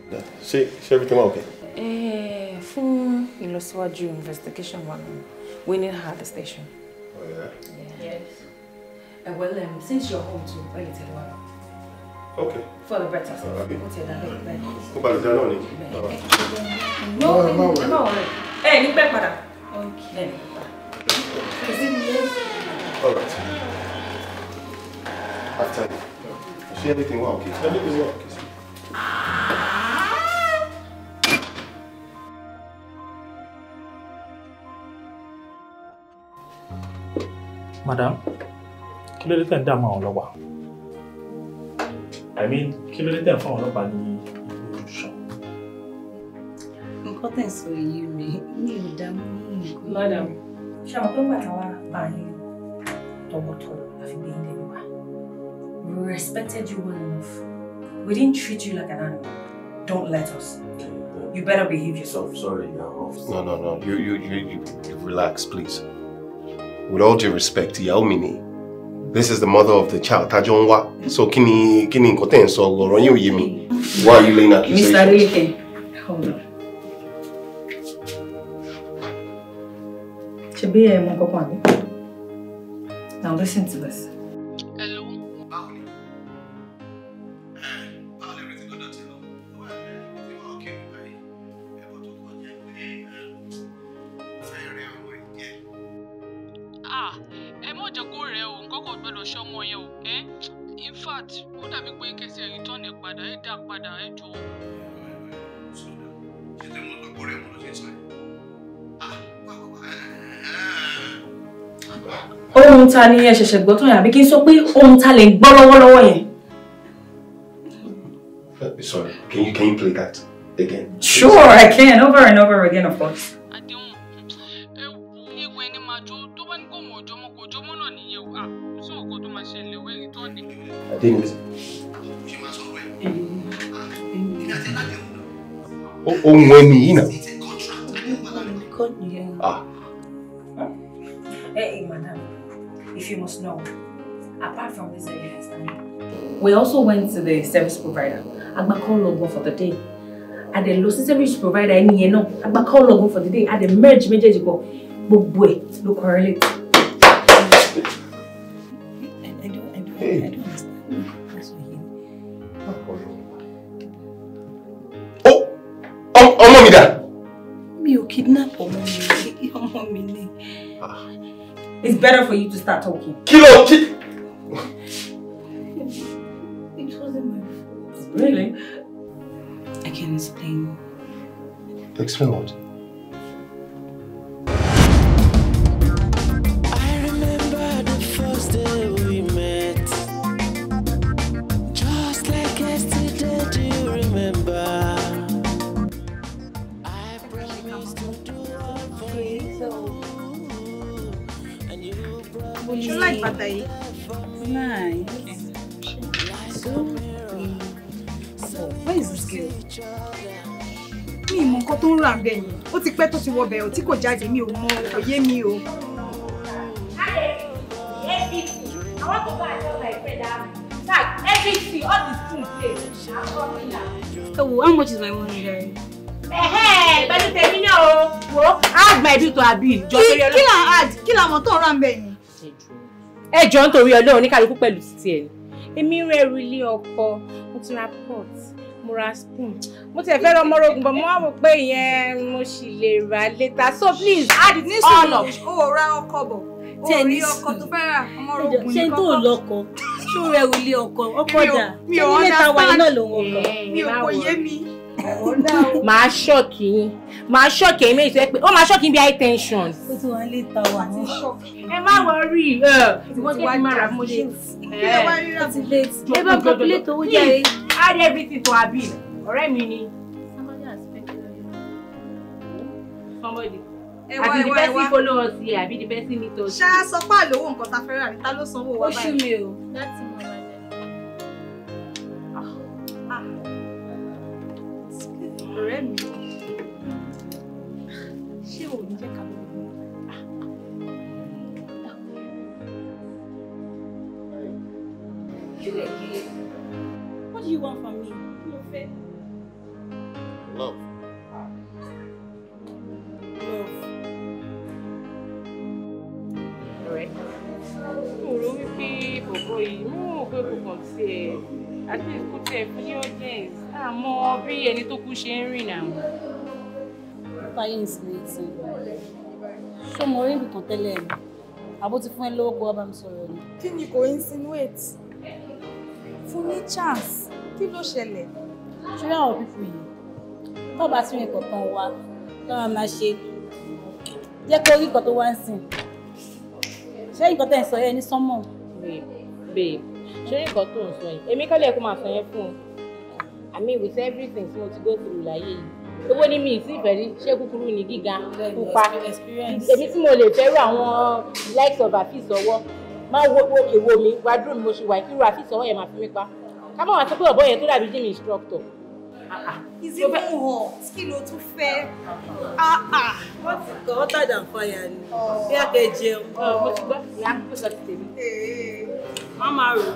ṣé uh, ṣé everything okay. Eh, from fún ìlọsíwájú investigation one. we need her at the station. Oh, yeah? Yeah. Yes. Uh, well, um, since you're home too, why you tell her? Okay. For the breakfast. Uh, okay. We'll tell her. Go back to the No, no, no. Hey, you better. Okay. Is it me? All right. After you. Is she anything wrong? Okay. Anything wrong? Okay. Madam, kí ló dé tẹ̀ ń dààmú àwọn ọlọ́pàá? I mean, kí ló dé tẹ̀ ń fún àwọn ọlọ́pàá ní ìlú Nǹkan tẹ̀sán yìí rèé, mi ò dààmú yìí. Madam. Ṣàwọn pé my wa báyìí tọwọ́tọwọ́ la fi gbé yín dẹ́nu We respected you well enough. We didn't treat you like an animal. Don't let us. You better behave yourself. sorry, No, no, no. You, you, you, you, you relax, please. With all due respect, ìyàwó mi This is the mother of the child, Tajonwa. So, kí ni, kí sọ, ọ̀rọ̀ yín ò Why are you laying accusations? Mr. Bije mu kopanje. Na uličnici bez. ta ni ẹ ṣẹ̀ṣẹ̀ gbọ́ tó yẹn àbí kí n sọ pé ohun ta lè gbọ́ lọ́wọ́lọ́wọ́ yẹn. Sorry, can you, can you play that again? Sure, I can, over and over again, of course. Adéyìnbí. Ah, eh, ah, ohun ẹni yìí náà. We also went to the service provider. I'm Agba call logo for the day. And the low service provider any you know. Agba call logo for the day. And the merge I go. But boy, look early. I, I don't, I don't, I don't understand. Oh, oh, kidnap ah. It's better for you to start talking. Kí ló, Really? I can explain. Explain what? ọbẹ̀ ò tí kò jáde mi ò mọ kò yé mi o. Ewu, how much is my money there? Ẹ̀hẹ́ pẹ̀lú tèmi náà o. Wo àgbà ẹbí tó àbí ìjọ torí ọlọ́run. Kí là ń add? Kí làwọn tó ń rà ń bẹ̀ yẹn? Ẹ jọ ń torí ọlọ́run ní kálukú pẹ̀lú títí ẹ̀. Èmi rẹ̀ rí ilé ọkọ, mo ti ra port mo ra spoon mo tiẹ̀ fẹ́ rọmọ rogun bọ̀ mo wá wò pé ìyẹn mo sì lè rà later so please add it all up. o ò ra ọkọ bọ̀ o ò rí ọkọ tó fẹ́ rà ọmọ rogun ní kọ́kọ́. ṣé n tó lọkọ ṣó rẹ ò lé ọkọ ọkọ dà ṣé nílé tàwa iná lòun ọkọ. mi ò kò yé mi màá ṣọ́ọ̀kì yín màá ṣọ́ọ̀kì ẹ̀yìn méjì pé ó máa ṣọ́ọ̀kì bí high tension. ó ti wọn lè ta wà ní ṣọ́ọ̀kì. ẹ má wọrí ẹ ìwọ jẹ́ kí n máa rà mo lè. ẹ bá rí láti late. ẹ bá calculate owó jẹ́ add everything to her bill ọ̀rẹ́ mi ni. somebody àbí the person follow us I àbí the person meet us. ṣá sọ pé àlówó nǹkan ta fẹ́ rà ní ta ló sanwó wa báyìí. ó mi o ọ̀rẹ́ mi ṣé ò ní What do you want from me? Mo fẹ́. Love. Love. Alright. mo rò wípé bòbó yìí, mo rò pé at least put tẹ̀ fún ní àmọ́ ah, bí ẹni tó kú ṣe ń rìn náà. táyé ń sinmi tì í ṣó mo rí ibìkan tẹ́lẹ̀ ẹ̀ àbó ti fún ẹ lówó kó wá bá mi sọ̀rọ̀ ni. kí ni kò insinuate fún ní chance kí ló ṣẹlẹ̀. ṣé àwọn pípù yìí tó bá tún ẹ̀kọ́ kan wá lọ́wọ́ máa ṣe jẹ́ kó rí nǹkan tó wá ń sìn ṣé nǹkan tẹ̀ ń sọ yẹn ní sánmọ̀. babe babe ṣé nǹkan tó ń sọ yìí èmi kọ́lé ẹ̀kọ́ máa sọ yẹn fún un i mean with everything tí mo ti go through láyé yìí owó ní mi ì sí ìfẹ́ rí ṣé kúkúrú ni gíga pupa èmi tí mo lè fẹ́rù àwọn likes of àfíìsì ọwọ́ máa wo wo èwo mi wardrobe mo ṣe wà kí irú àfíìsì ọwọ́ yẹn máa fi mí pa ká má wàá sọ pé ọ̀bọ yẹn tó dàbí gym instructor. ìsìnkú ah, ah. hàn kí ló tún fẹ́ ah, wọ́n ti kọ́ ọ́ tàdà fàyà ni oh. bí a kẹ́ jẹun. Oh, mo ti gbọ́ ìyá kó sọ ti tèmi. má máa rò ó.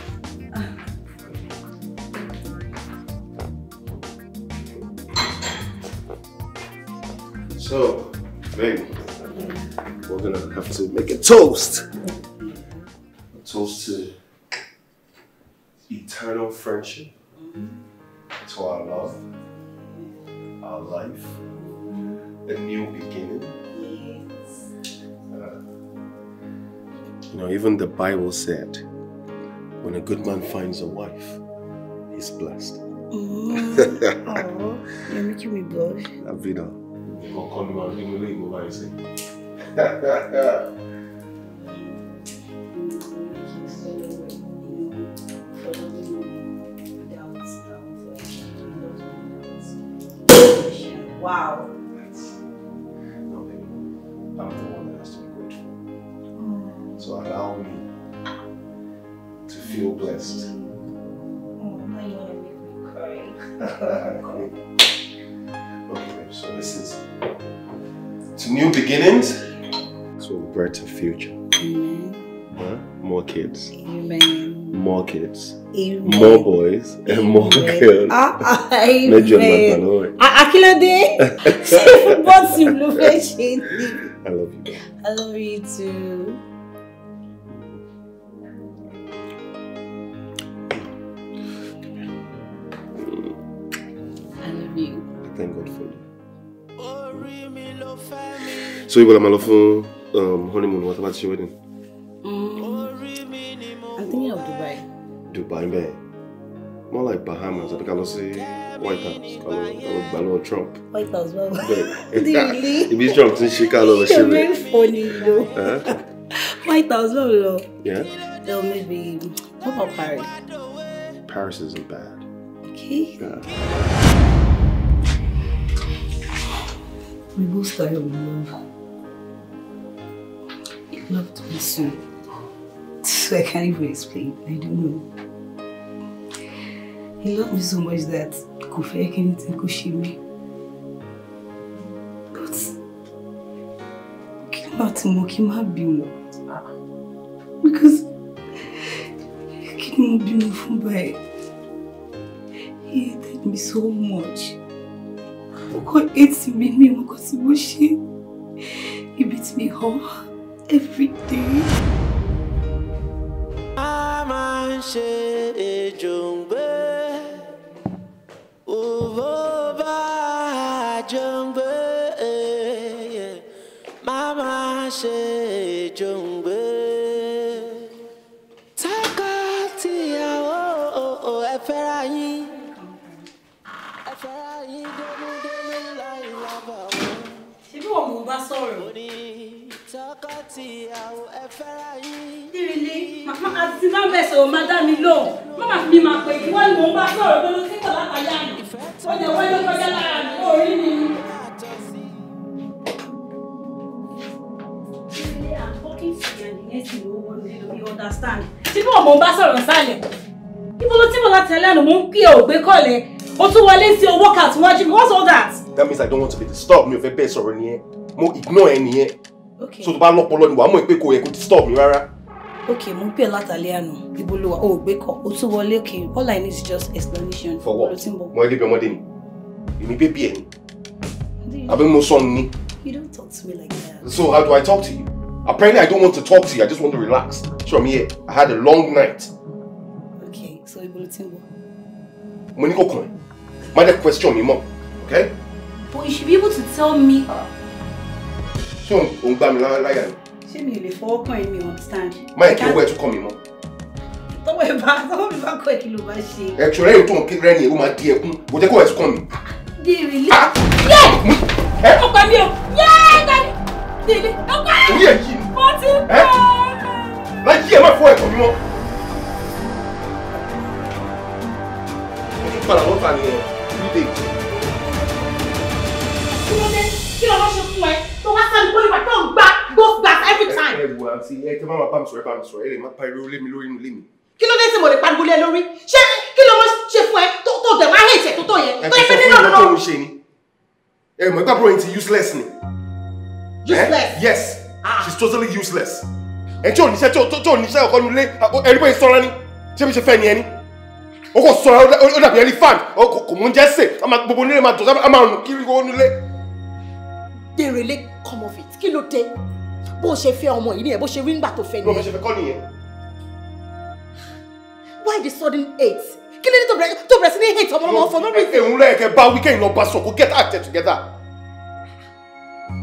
So, baby, we're gonna have to make a toast. A toast to eternal friendship, to our love, our life, a new beginning. Uh, you know, even the Bible said, when a good man finds a wife, he's blessed. Mm. oh, you're making me blush. Avida. kọ̀ọ̀kan ló máa ń nínú ilé ìwọ báyìí beginnings to a brighter future. Amen. Huh? More kids. Amen. More kids. Amen. More boys Amen. and more girls. Ah, ah, amen. Aquilo de. Você não I love you. I love you too. so ibo la máa lọ fún um, honeymoon What about bá ti ṣe I'm mm, thinking of Dubai. Dubai man. more like Bahamas I àbí ká lọ sí White House I lọ ká lọ Trump. White House báwo bẹ́ẹ̀ ibi Trump ti ń ṣe ká lọ lọ ṣe lè. ṣe fọ́ni lo White House báwo lọ. Yeah. they oh, maybe how about Paris. Paris isn't bad. Okay. Yeah. We both started with love loved me so. So I can't even explain. I don't know. He loved me so much that kò fẹ́ kí anything kò ṣe mí. But kí ló máa ti him kí n má bímọ? Ah, because he ni mo bímọ fún báyìí? He hated me so much. Mo kàn hate mi mi, mo kàn ti mo ṣe. He beat me hard. every day. Mama máa jungle. ṣe èjò ń gbé òwò sọ̀rọ̀ máa dá mi lóhùn má máa fi máa pè kí wọ́n ní mò ń bá sọ̀rọ̀ pé ló kíkọ̀ látàyà mi ó jẹ́ wọ́n ló kọjá lára mi orí mi. tí bá sọ̀rọ̀ sálẹ̀ ibo ló tí mo láti ẹlẹ́nu mò ń pè ọ́ o tún wọlé sí owó kà wọ́n jí mi what's all that. that means i don't want to be disturbed mi ò fẹ́ bẹ́ẹ̀ sọ̀rọ̀ nìyẹn mo ignore ẹ nìyẹn so tó bá lọ́pọlọ ni wàá mọ̀ pé kò yẹ kó disturb mi rárá okay mo pè látàlẹ́ àná ibo ló wà ó gbé kọ ó tún wọlé okay all i need is just explanation. for what mo ẹgbẹ́ bí ọmọdé ni èmi bébí ẹ̀ ni àbí mo sọ ni. you don't talk to me like that. so how do i talk to you apparently i don't want to talk to you i just want to relax so i'm here i had a long night. okay so ibo ló ti ń bọ̀. mo ní kò kàn ẹ́ má question mi mọ́ okay. but you should be able to tell me. So ah. òun gbá mi láyà ni ṣé mi ò lè fọwọ́ kàn ẹ́ mi understand. má ẹ̀ kí owó ẹ̀ tún kàn mí mọ́. tọwọ́ ẹ bá tọwọ́ mi bá kọ ẹ kí ló bá ṣe. ẹ̀tún rẹ̀ ìtàn rẹ̀ ni ó máa di ẹkún kò jẹ́ kó ẹ̀ tún kàn mí. dèrè lé yé ọkọ mi ò yé gani dèrè ọkọ mi ò mo ti pẹ́. láyé ẹ má fọwọ́ ẹ̀ kàn mí mọ́. mo tún padà lọ́ta ni ẹ̀ ní dèjì. kí ló dé kí ló wá ṣe fún ẹ tó wá sáré bóyá tó ń gbà both glass every time. ẹ wo àǹtí ẹ tẹ má máa bá mi sọ̀rọ̀ ẹ bá mi sọ̀rọ̀ ẹ lè má pariwo lé mi lórí inú lé mi. kí ló dé tí mo lè pariwo lé lórí ṣé kí ló mọ ṣe fún ẹ tó tó dẹ̀ máa hẹ̀jẹ̀ tó tó yẹn tó yẹ pé nínú ọ̀nà. ẹ kò sọ fún ẹ mọ̀ ẹgbà bóyá ti useless ni. useless. yes ah. she's totally useless. ẹ tí ò níṣẹ́ tí ò níṣẹ́ ọkọ nílé ẹni bóyá sọ́ra ni ṣé bí ṣe fẹ́ ni ẹni o kò sọ̀rọ̀ ó dàbí elephant o kò mú jẹ́ sè a máa gbogbo nílé máa dọ̀tí a máa rùn kiri owó nílé. dèrèlé come off it kí ló dé bó ṣe fẹ́ ọmọ yìí nìyẹn bó ṣe rí ńgbà tó fẹ́ nìyẹn. bó ṣe fẹ́ kọ́ nìyẹn. why the sudden hate kí ló dé tó bẹ̀rẹ̀ tó bẹ̀rẹ̀ sí ní hate ọmọ ọmọ for no reason. èhun rẹ̀ kẹ́ bá wíkẹ́ ìlọ bá sọ̀kò get out there together.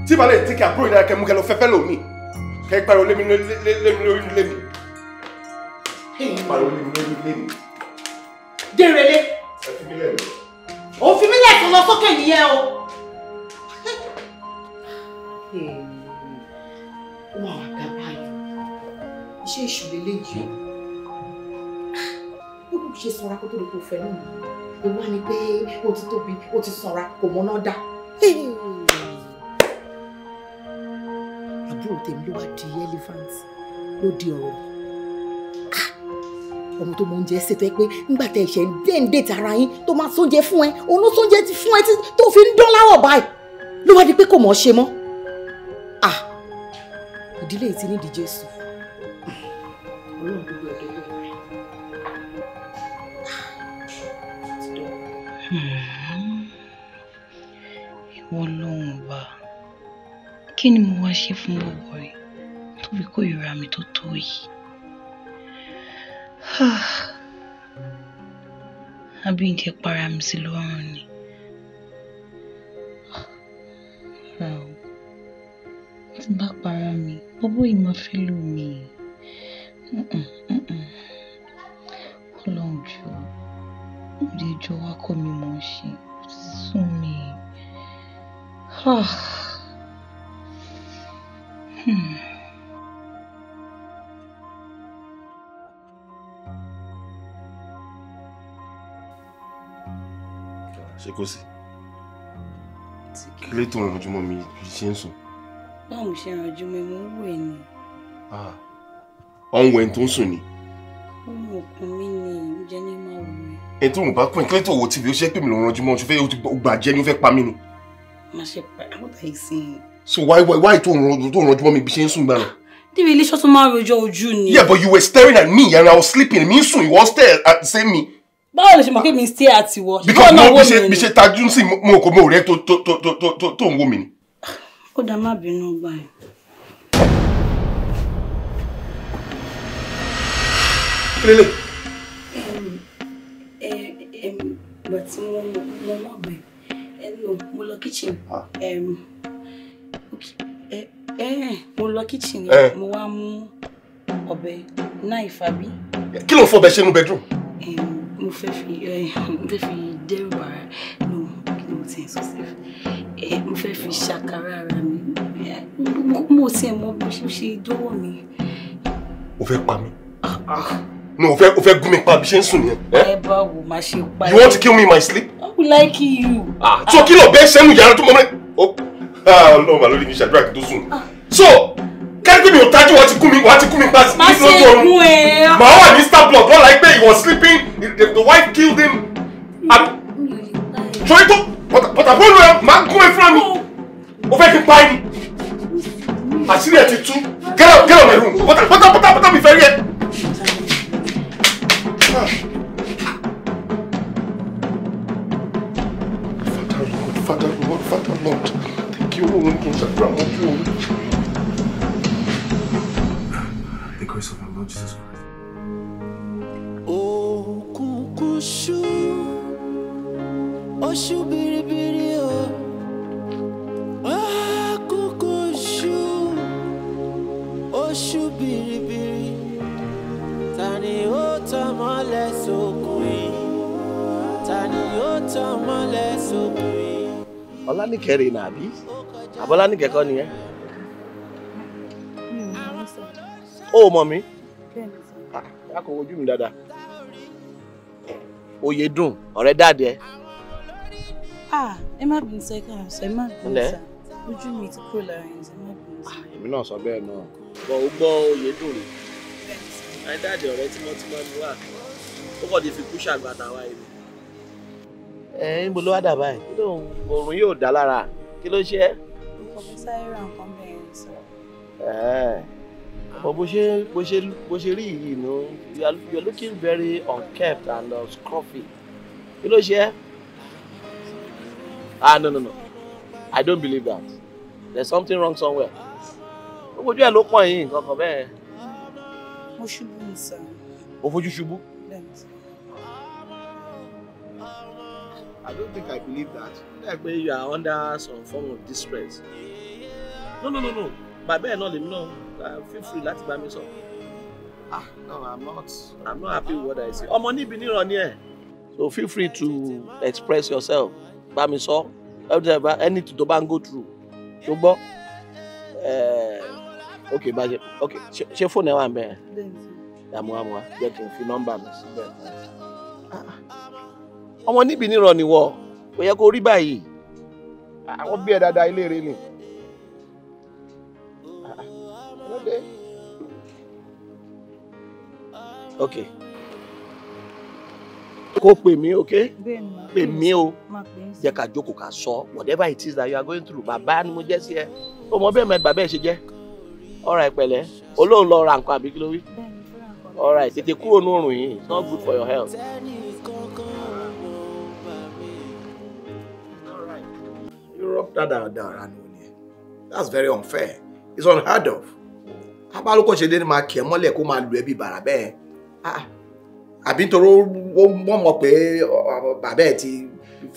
tí balẹ̀ tí kẹ́ àbúrò ìdára kẹ́ mú kẹ́ lọ fẹ́fẹ́ lò mí kẹ́ pariwo lémi lémi lémi. pariwo lémi lémi lémi. dèrèlé. ẹ fi mí lẹ̀ lọ. òfin mi lẹ̀ tó lọ sókè nìyẹn o. Hmm máa wà ga báyìí iṣẹ́ èṣù lélẹ́yìí ó kò ṣe sanra kó tó lè kó fẹ́ náà ó wá ní pé ó ti tóbi ó ti sanra kò mọ́ná dá. àbúrò tèmi ló wá di elephant ló di ọ̀rọ̀ ah! ọmọ tó mọ oúnjẹ ṣe tó pé nígbà tẹ ẹṣẹ ń dẹ́ yín tó máa sóúnjẹ fún ẹ òun ló fún ẹ tó fi ń dán láwọ̀ báyìí ló wá di pé kò mọ̀ ọ́ ṣe mọ́ ìdílé yìí ti nídìí Jésù Ọlọ́run gbogbo ẹ̀dọ́ ló wà. ìwọ lọ́hùn ọba kí ni mo wá ṣe fún gbogbo rẹ̀ tó fi kó ìrora mi tó tó yìí. àbí nǹkan para mi sí lọ́rùn ni. Oh tí n bá para mi bọ́bọ́ yìí máa fẹ́ lù mí ọlọ́run jọ òde jọ wá kọ́ mi mọ̀ ọ́n ṣe sún mi. Ah. Hmm. ṣe kó sí kí lè tó ọ̀rọ̀ ojúmọ́ mi ṣe ń sùn báwo mo ṣe rànjú mi mo ń wò ẹ́ ni. ọ̀hún ẹni tó ń sùn ni. ohun òkun mi ni ìjẹ́ ní máa wò ẹ́. ẹni tó ń bá pín kílẹ̀ tó wò tìbí ó ṣe pé mi ló ranjú mọ́ ọ́n ṣe fẹ́ gbàjẹ́ ni ó fẹ́ pa mí ni. má ṣe pa àwọn bàyìí sí i. so why why why tó ranjú mọ́ mi bí ṣe ń sùn gbà náà. Níbi ilé ṣọ́tún máa ń rojọ́ ojú ni. Yeah, but you were staring at me and I was sleeping. Mi ń sùn, ìwọ stare at me. Báwo lè ṣe mọ̀ pé mi ń stare at ìwọ? Because mo bí ṣe tajú sí mo kò mo rẹ tó tó tó tó tó ń wò mí ni kódà má bínú gbà yín. kílélè. ẹ ẹ gbà tí mo mo mọ ọgbẹ ẹ lọ mo lọ kitchen ẹ ẹ mo lọ kitchen mo wá mú ọbẹ náà ìfàbí. kí ló ń fọbẹ ṣe nínú bedroom. mo fẹ́ fi mo fẹ́ fi dẹ́rù ara lòun kí ló ti ń sọ sí i mo fẹ́ fi ṣàkàrà ara mi mo ti ẹ̀ mọ bó ṣe dọ́wọ́ mi. o fẹ́ pa mí. Ah, ah. No, o fẹ́ o fẹ́ gún mi pa bí ṣe ń sùn yẹn. Ẹ eh? bá wo máa ṣe pa ẹ. You want to kill me in my sleep? I would like you. Ah, so kí ló bẹ́ sẹ́nu yàrá tó mọ mẹ́. Ah, Ọlọ́run màá lórí mi ṣàdúrà kí n tó sùn. So kẹ́kẹ́ mi ò tájú wá ti gún mi wá ti gún mi pa sí lójú oorun. Má ṣe gún ẹ. Màá wà ní star block lọ́la ẹgbẹ́ he was sleeping the wife killed him. Ṣé o tó? pọtàpọlù ẹ máa gún ẹ fúnra mi ó fẹ́ kí n pa ẹ ni àṣírí ẹ ti tú gẹ́rọ gẹ́rọ mẹ́rù pọtàpọtàpọtà mi fẹ́ rí ẹ. Father Lord, Father Lord, Father Lord, thank you, oh, Lord, Father The grace of our Lord Jesus Christ. Oh, kukushu oṣù biribiri o àkókò oṣù oṣù biribiri ta ni ó tàn mọ́lẹ̀ sókun yìí ta ni ó tàn mọ́lẹ̀ sókun yìí. ọlánìkẹ́ rè nàbí àbọ̀lánìkẹ́ kọ́ nìyẹn. ó mọ̀ mí a ah, kò wojú mi dáadáa oyè dùn ọ̀rẹ́ dáadé Ah, ẹ má bínú sẹ́ ká sọ ẹ má bínú sá ojú mi ti kúrò lára yẹn sẹ́ ẹ má bínú sá. Ah, èmi náà sọ bẹ́ẹ̀ náà. bọ̀ ó gbọ́ oyè dùn rí àìdáàdì ọ̀rẹ́ tímọ́tímọ́ ni wà ó kàn ti fi kú ṣàgbàtà wa ibi. ẹ ń bolo wá dàbá ẹ kí ló ń oòrùn yóò dá lára kí ló ṣe é. nǹkan bó sáré ra nǹkan bẹ́ẹ̀ ń sọ. But bó ṣe bó ṣe bó ṣe rí yìí looking very unkempt and uh, scruffy kí ló ṣe ah no no no i don't believe that there's something wrong somewhere ojú ẹ ló pọ̀ yìí nǹkan kan bẹ́ẹ̀. mo ṣubú mi sá. o fojú ṣubú. I don't think I believe that. Like when you are under some form of distress. No, no, no, no. Bàbá ẹ̀ náà lèmi náà uh, feel free láti bá mi sọ. Ah, no, I'm not. I'm not happy with what I see. Ọmọ níbi níran ni ẹ̀. So feel free to express yourself bá mi sọ ẹni tó bá ń go through tó gbọ́ eh, ok bàjẹ́ ok ṣé fóònù ẹ wà mẹ́ẹ̀ àmúhámúhá jẹ́ kí n fi nọ́mbà mi síbẹ̀ ọmọ níbi nírọ̀ nìwọ kò yẹ kó rí báyìí àwọn bí ẹ dáadáa ilé rẹ ni ah, ah, ok kó pè mí ok pè mí o jẹ́ ká jókòó ká sọ whatever it is that you are going through bàbá ni mo jẹ́ sí ẹ o mọ bẹ́ẹ̀ mẹ́rin bàbá ẹ̀ ṣe jẹ́ ọ̀rọ̀ ìpẹ̀lẹ́ olóhùn lọ ra nǹkan àbí kí ló wí ọ̀rọ̀ ẹ̀ kúrò ní òrùn yìí it's not good for your health. Europe dáadáa dára ni òní that's very unfair it's unheard of. abalókọ̀ ṣe dé ni máa kẹ́ mọ́lẹ̀ kó máa lu ẹbí bàrà bẹ́ẹ̀ ah àbí toró wọ́n mọ̀ pé bàbá ẹ̀ ti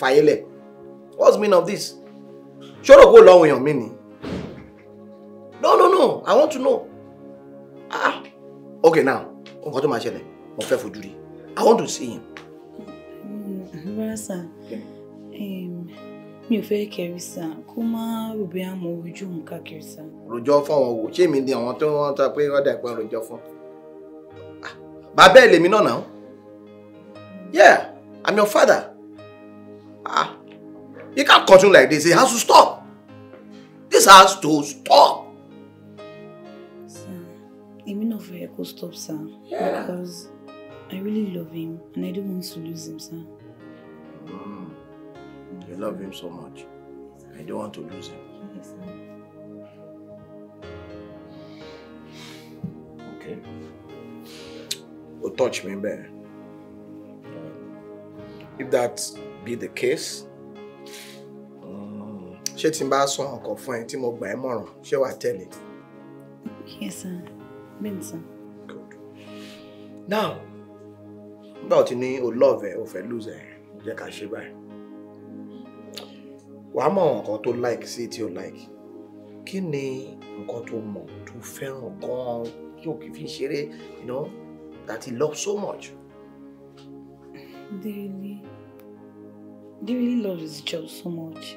fàyè lẹ̀ what's the meaning of this ṣọ́rọ̀ kó lọ́wọ́ èèyàn mi ni no no no i want to know ah, ah okay now nǹkan tó máa ṣẹlẹ̀ mo fẹ́ fojú rí i want to see him. rárá sá mi ò fẹ́ kẹrí sá kó má rò bí àmọ́ ojú òun káàkiri sá. ròjọ́ fún àwọn wò ṣé èmi ni àwọn tó ń wọ́n ta pé wọ́n dà pé ròjọ́ fún bàbá ẹ̀ lèmi náà náà yeah i'm your father ah you can't continue like this it has to stop this has to stop. Sir, Èmi náà fẹ́ kó stop sir yeah. because I really love him and I don't want to lose him sir. Mm. You love him so much. I don't want to lose him. Yes, sir. ó touch mi bẹ́ẹ̀ if that be the case mm, ṣé tí n bá sọ ọkọ̀ fún ẹ tí mo gbà ẹ́ mọ̀ràn ṣé wàá tẹ̀lé. yes sir bẹ́ẹ̀ sir. now nígbà tí ní o love ẹ o fẹ́ lose ẹ jẹ́ ká ṣe báyìí wàá mọ̀ nǹkan tó like sí tí o like kí ni nǹkan tó mọ̀ tó fẹ́ràn gan-an yóò kì fi ṣeré you know that he loves so much. Délé, Délé loves his job so much.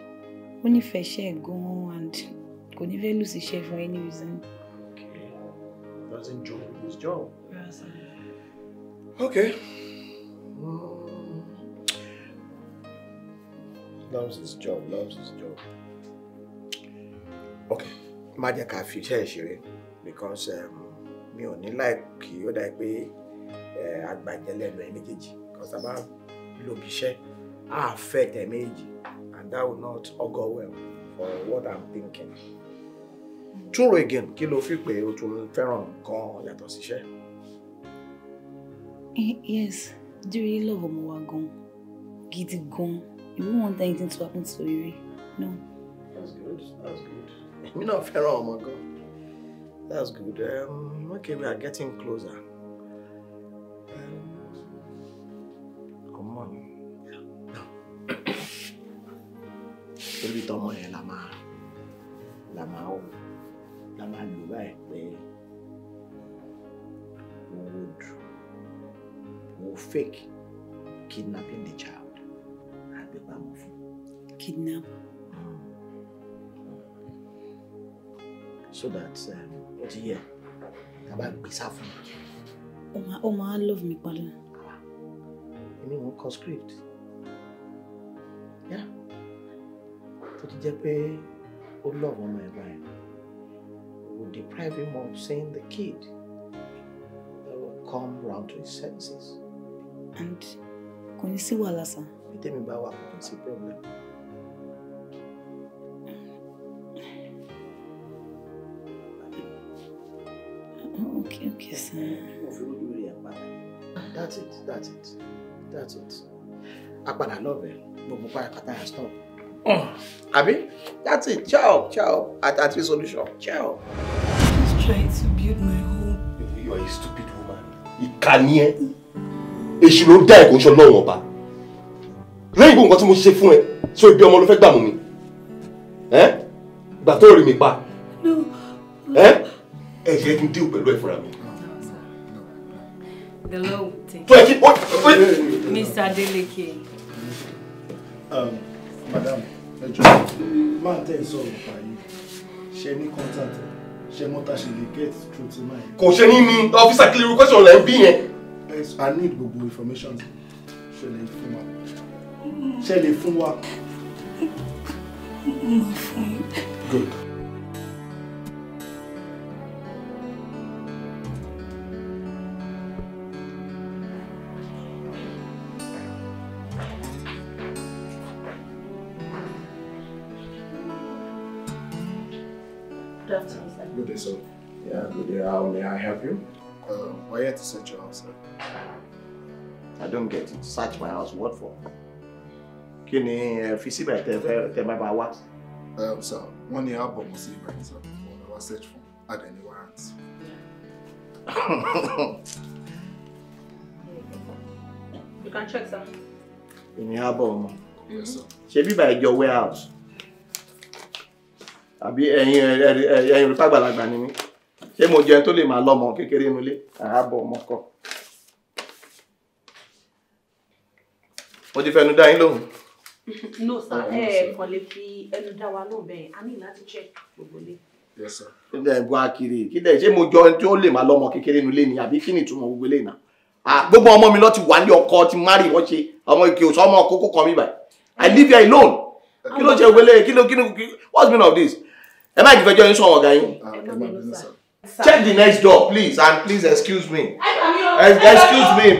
When nífẹ̀ẹ́ iṣẹ́ ẹ̀ gan and kò ní fẹ́ lose share for any reason. Okay, doesn't enjoy his job. Yes, okay. Mm. Loves his job, loves his job. Okay, má jẹ́ ká fi iṣẹ́ ẹ̀ because. Um, mi ò ní láì kí ó dáa pé àgbàjẹ lẹ́nu ẹ̀ méjèèjì kan sábà lòbí iṣẹ́ á fẹ́ and that will not go well for what I'm thinking. túrò again kí ló fi pé o tún fẹ́ràn nǹkan yàtọ̀ síṣẹ́. Eh, yes dírí lọ́wọ́ mo wá gan gidi gan you won't want anything to happen to Iri eh? no. that's good that's good èmi náà fẹ́ràn ọmọ gan. That's good. Um, okay, we are getting closer. Um, come on. yeah. tọmọ yẹn la máa la máa wò la máa lò báyìí pé would would fake kidnapping the child àgbẹ̀pamọ́ fún. kidnap. so that um, ó ti yẹ tá a bá gbé sá fún mi. ó máa love mi pẹ̀lú. èmi wọn kọ script yá tó ti jẹ́ pé ó love ọmọ ẹ̀ báyìí will deprive him of seeing the kid that will come round to his senses. and kò ní sí wàhálà sá. bí tèmi bá wà kò ní sí problem. Okay, okay, sir. That's it, that's it, that's it. Apada love it. Gbogbo pátápátá yà stop. Abi, that's it. Ciao, ciao. At at solution. Ciao. Just trying to build my home. You are a stupid woman. Ìkà can't ẹ́. Èṣù ló dá ẹ̀kọ́ ṣọ lọ́wọ́ not Lẹ́yìn gbogbo nǹkan tí mo ṣe fún ẹ, ṣé ibi ọmọ ló fẹ́ gbà mú mi? Ẹ́ gbà tó rí pa. No. Eh? ẹ jẹ́ kí n deal pẹ̀lú ẹ̀ fúnra mi. The law will take. tó ẹ kí Mr. Adeleke. Um, madam ẹ jọ̀ọ́ máa tẹ̀ sọ̀rọ̀ pààyè ṣe ní contact ṣe mọ́ta ṣe lè get through to my. kò ṣe ní ní ọ́fíìsà kí lè ru question rẹ̀ ń bí yẹn. I need gbogbo information ṣe lè fún wa ṣe lè fún wa. good. Okay, so yeah, good day. How may I help you? Uh, we're here to search your house, sir. I don't get it. Search my house, what for? Can you ẹ fi síbẹ̀ tẹ my tẹ máa bá wá? Um, sir, wọ́n ní ààbọ̀ mọ̀ sí ìgbà ìsọ̀ fún ọ̀dọ̀ wa search fún Adẹ̀ni You can check, sir. In your ọmọ. Yes, sir. Ṣé bíbá ìjọ warehouse? àbí ẹyin ẹ̀yin olùkọ́ àgbàlagbà ni mí ṣé mo jẹun tó lè máa lọ́mọ kékeré nílé àábọ̀ ọmọ kọ. mo ti fẹnu dá yín lóhùn. no sir ẹ kọ lè fi ẹnu dá wa lóhùn bẹ́ẹ̀ a ní láti check gbogbo lé. yes sir. kí lẹ akiri kí lẹ ṣé mo jọ ohun tí lè máa lọ́mọ kékeré nílé ni àbí kí ni ìtumọ̀ gbogbo gbogbo ọmọ mi lọ ti wà ní ọkọ ti mari wọn ṣe ọmọ ìkè òsọ ọmọ kókó kan mi báyìí i live here alone kí ló ṣe kí ló kí ló what's the meaning of this ẹ má jìfẹ́jọ́ yín sọ̀rọ̀ ọ̀gá yín. Ah, check the next door please and please excuse me excuse me.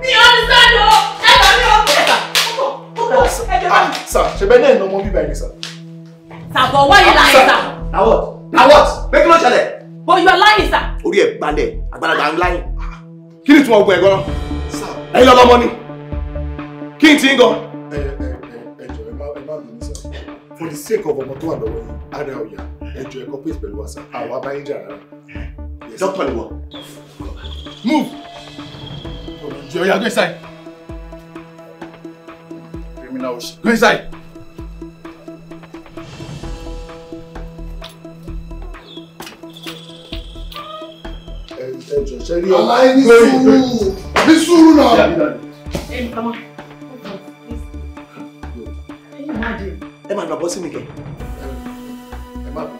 mi ò ní sáré o ẹ bá mi ò kẹ́ sir ṣe bẹ́ẹ̀ náà ní ọmọ bíbá ẹni sir. sàbọ̀ wáyé láyé sà. na what na what Make no ló ṣẹlẹ̀. bóyá láyé sà. orí ẹ̀ gbalẹ̀ àgbàlagbà ń láyé. kí ni tí wọ́n gbọ́ ẹ̀ gan-an. ẹ̀yin lọ́lọ́mọ ni kí n ti ń gan for the sake of ọmọ tó wà lọ́wọ́ yìí ara ọ̀yà ẹjọ́ ẹ̀kọ́ pèsè pẹ̀lú wàsà àwọn abáyé jà rárá. dókítà ni move. ọ̀nàjì go inside. Criminals. o ṣe go inside. ẹjọ́ ṣe rí ọmọ. aláìní sùúrù ní sùúrù náà. ni bàbá sí mi kẹ.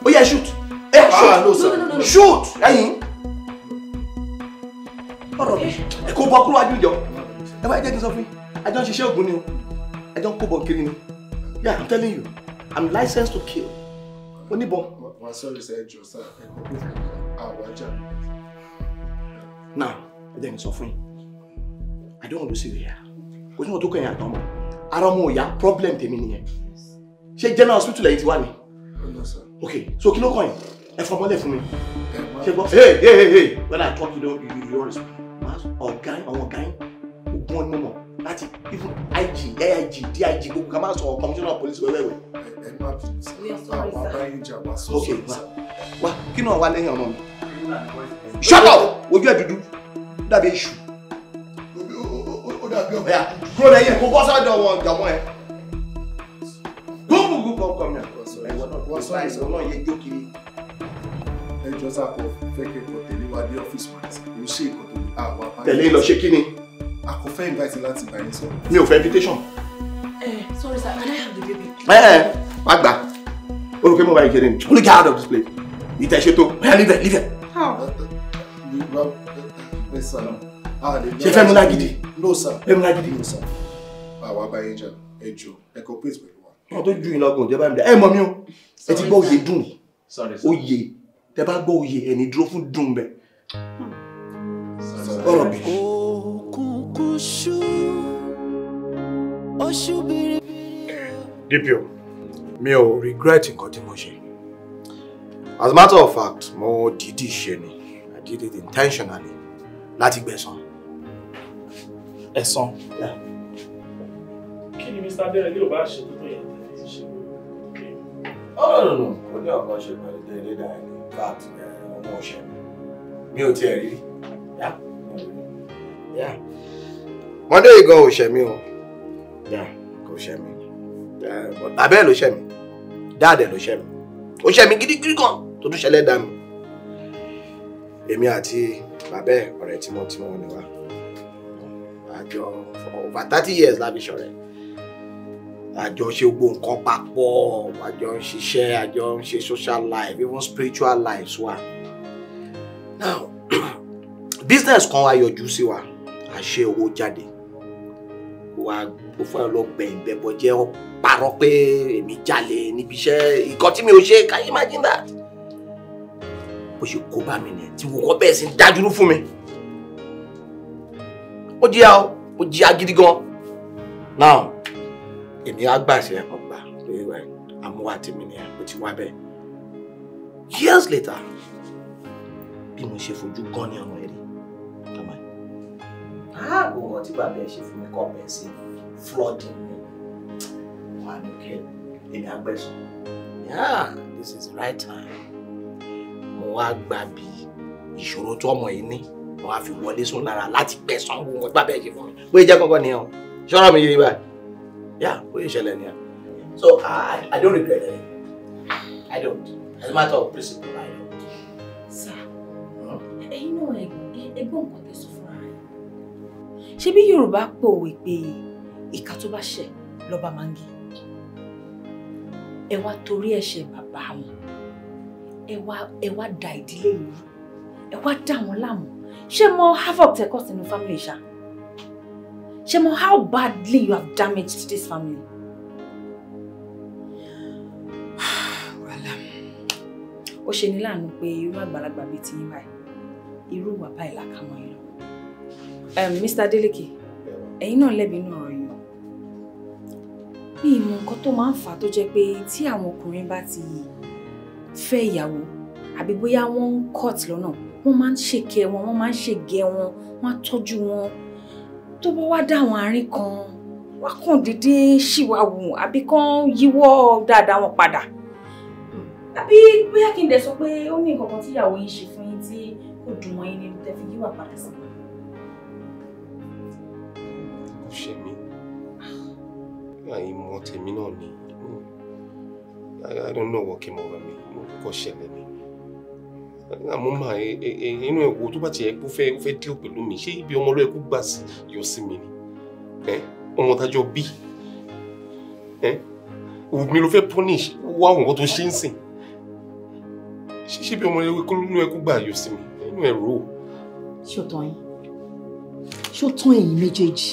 ó yẹ shoot ẹ shoot shoot ẹyin ọ̀rọ̀ mi eh. ẹ kò bọ kúrò àjùjọ ẹ bá jẹ́ kí n sọ I yín àjọ ń ṣiṣẹ́ ògùn ni o àjọ ń kó bọ̀ kiri ni yeah i'm telling you i'm licensed to kill oníbọn. wàá sọ̀rọ̀ sẹ́ jù sá ẹ̀kọ́ kó fún àwọn now I don't suffer n i don't want to see you here kò sí wọn to kẹ́yìn àtọ́ mọ́ ara ọmọ òòyà problem tèmi ṣé general hospital ẹ̀yìn ti wà ní. ok so kí ló kàn yín ẹ fọ bọ́lẹ̀ fún mi. ṣé gbọ́ hey hey hey hey when i talk you don you you don respond ọ̀gá àwọn ọ̀gá yín ogun ọdún mọ̀ láti even ig aig dig gbogbo ká má sọ commissioner of police wẹ́wẹ́wẹ́. ẹ má fi sí àwọn abáyé ìjà wa sọ sọ sọ. wa kí náà wá lẹ́yìn ọmọ mi. shut up ojú ẹ̀ dúdú dàbí èṣù. ó dàbí ọ̀gá. kúrò lẹ́yìn kó bọ́ sọ́dọ̀ wọn ọ̀gá mọ́ lọ́kọ mi wọ́n sọ àìsàn náà yẹ jókiri. ẹ jọ sá kó fẹ́ kí wa dé ọ́fíìsì wa kò ṣe ìkọ́ tó ní àwọn apá. tẹ̀lé lọ ṣe kí ni. a kò fẹ́ invite láti bá yín sọ. mi ò fẹ́ invitation. ẹ eh, sorry sir can I have the baby. ẹ ẹ eh, eh, wá gbà orúkọ mi wà ní kẹrin only get out of this place ìtẹ̀ ṣètò bẹ́ẹ̀ leave it leave it. ṣe fẹ́ múná gidi. no sir. fẹ́ múná no sir. àwa bá yín jà ẹ jọ ẹ cooperate pẹ̀lú wọn tó ju ìlọgùn ìjọba ìmìlẹ ẹ mọ mi o ẹ ti gbọ́ òye dùn òye tẹ bá gbọ́ òye ẹni dúró fún dùn bẹ. ọ̀rọ̀ bí. òkùnkùn ṣú oṣù bìrìbìrì. DPO mi ò regret nǹkan tí mo ṣe as a matter of fact mo dìídì ṣe ni I did it intentionally láti gbẹ̀san. ẹ̀san. kí ni Mr. abẹ́rẹ́ yóò bá ṣe. Oh no ọ̀rọ̀ nù ó ní ọ̀kan ṣe pẹ̀lú déédéé dàrẹ́ ní fat ọmọ ọ̀ṣẹ́ mi ò tiẹ̀ rí mọ́dé ìgan ò ṣẹ̀mí o kò ṣẹ̀mí abẹ́ ló ṣẹ̀mí dáadẹ̀ ló ṣẹ̀mí ó ṣẹ̀mí gidigidi kan tó tún ṣẹlẹ̀ dá mi èmi àti bàbá ọ̀rẹ́ tímọ́tímọ́ ni wá àjọ over thirty years lábí ṣọ̀rẹ́ àjọ ṣe gbogbo nǹkan papọ̀ àjọ ń ṣiṣẹ́ àjọ ń ṣe social life even spiritual life. wa now business kan wá yọjú sí wa àṣẹ owó jáde wa ó fẹ́ lọ gbẹ̀yìn bẹ́bọ jẹ́ parọ́ pé èmi jalè níbi iṣẹ́ ìkan tí mi ò ṣe can you imagine that bó ṣe kó bá mi nìyẹn tí wọ́n bẹ̀rẹ̀ sí ń dájúrú fún mi ó jìyà ó jìyà gidi gan now èmi á gbàṣẹ ọgbà lórí rẹ àmúwá tèmi ni mo ti wá bẹ́ẹ̀ years later bí mo ṣe fojú gan ní ọ̀nà ẹ̀rí tọ́mọ ẹ̀. ààbò ah, wọn tí bàbá ẹ ṣe fún mi kọ́ bẹ́ẹ̀ sí flooding ni wà ní kí èmi àgbẹ̀sán. yeah this is the right time mo wá gbà bí ìṣòro tó ọmọ yìí ní mo wá fi wọlé sún lára láti gbẹ̀sán gbogbo bàbá ẹ ṣe fún mi bóyá jẹ́ kọ́kọ́ nìyẹn o ṣọ́ra mi yé báyìí. Yeah, ó yẹ ìṣẹ̀lẹ̀ ni. So I, I don't regret it. I don't. As a matter of principle, I don't. Sir, ẹ̀yin náà ẹgbọ́n a tẹ́ of this rẹ̀. Ṣé bí Yorùbá pòwe pé ìka tó bá ṣẹ̀ loba máa ń gé? Ẹ wá torí ẹ̀ṣẹ̀ bàbá wọn. Ẹ wá ẹ wá da ìdílé yìí. Ẹ wá dà wọ́n láàmú. Ṣé mo havoc tẹ́kọ̀ sínú family ṣáá? Shemo, how badly you have damaged this family. well, ó ṣe ní láàánú pé irú àgbàlagbà bíi ti yín báyìí. Irú ìwà báyìí la kà mọ́ Um Mr. Deleke. Ẹ̀yin know lẹ́bi inú ọ̀rọ̀ yìí. Mi mọ̀ nǹkan tó máa ń fà tó jẹ́ pé tí àwọn ọkùnrin bá ti fẹ́ ìyàwó àbí bóyá wọ́n ń lo no. wọ́n máa ń ṣèkẹ́ wọn wọ́n máa ń ṣègẹ́ wọn wọ́n á tọ́jú wọn tó bá wá dá àwọn àárín kan wá kàn dédé ṣìwà wù àbí kán yíwọ́ dáadáa wọn padà àbí bóyá kí n dẹ̀ sọ pé ó ní nǹkan kan tí ìyàwó yín ṣe fún yín tí kò dùn mọ́ yín nínú tẹ́ yíwà padà sí. kò ṣe mí àìmọ̀ tèmi náà ni hmm. I don't know what came over me mo kọ́kọ́ ṣẹlẹ̀ àmọ́ mà inú ẹ̀ wo tó bá tiẹ̀ kó fẹ́ fẹ́ díò pẹ̀lú mi ṣé ibi ọmọ ọlọ́ẹ̀kú gbà sí yọ sí mi ni ọmọ tájọ bí mi ló fẹ́ punish wá àwọn nǹkan tó ṣe ń sìn ṣíṣe bí ọmọ ẹ̀kú inú ẹ̀kú gbà yọ sí mi inú ẹ̀ rò. ṣé o tán yín ṣé o tán ẹ̀yin méjèèjì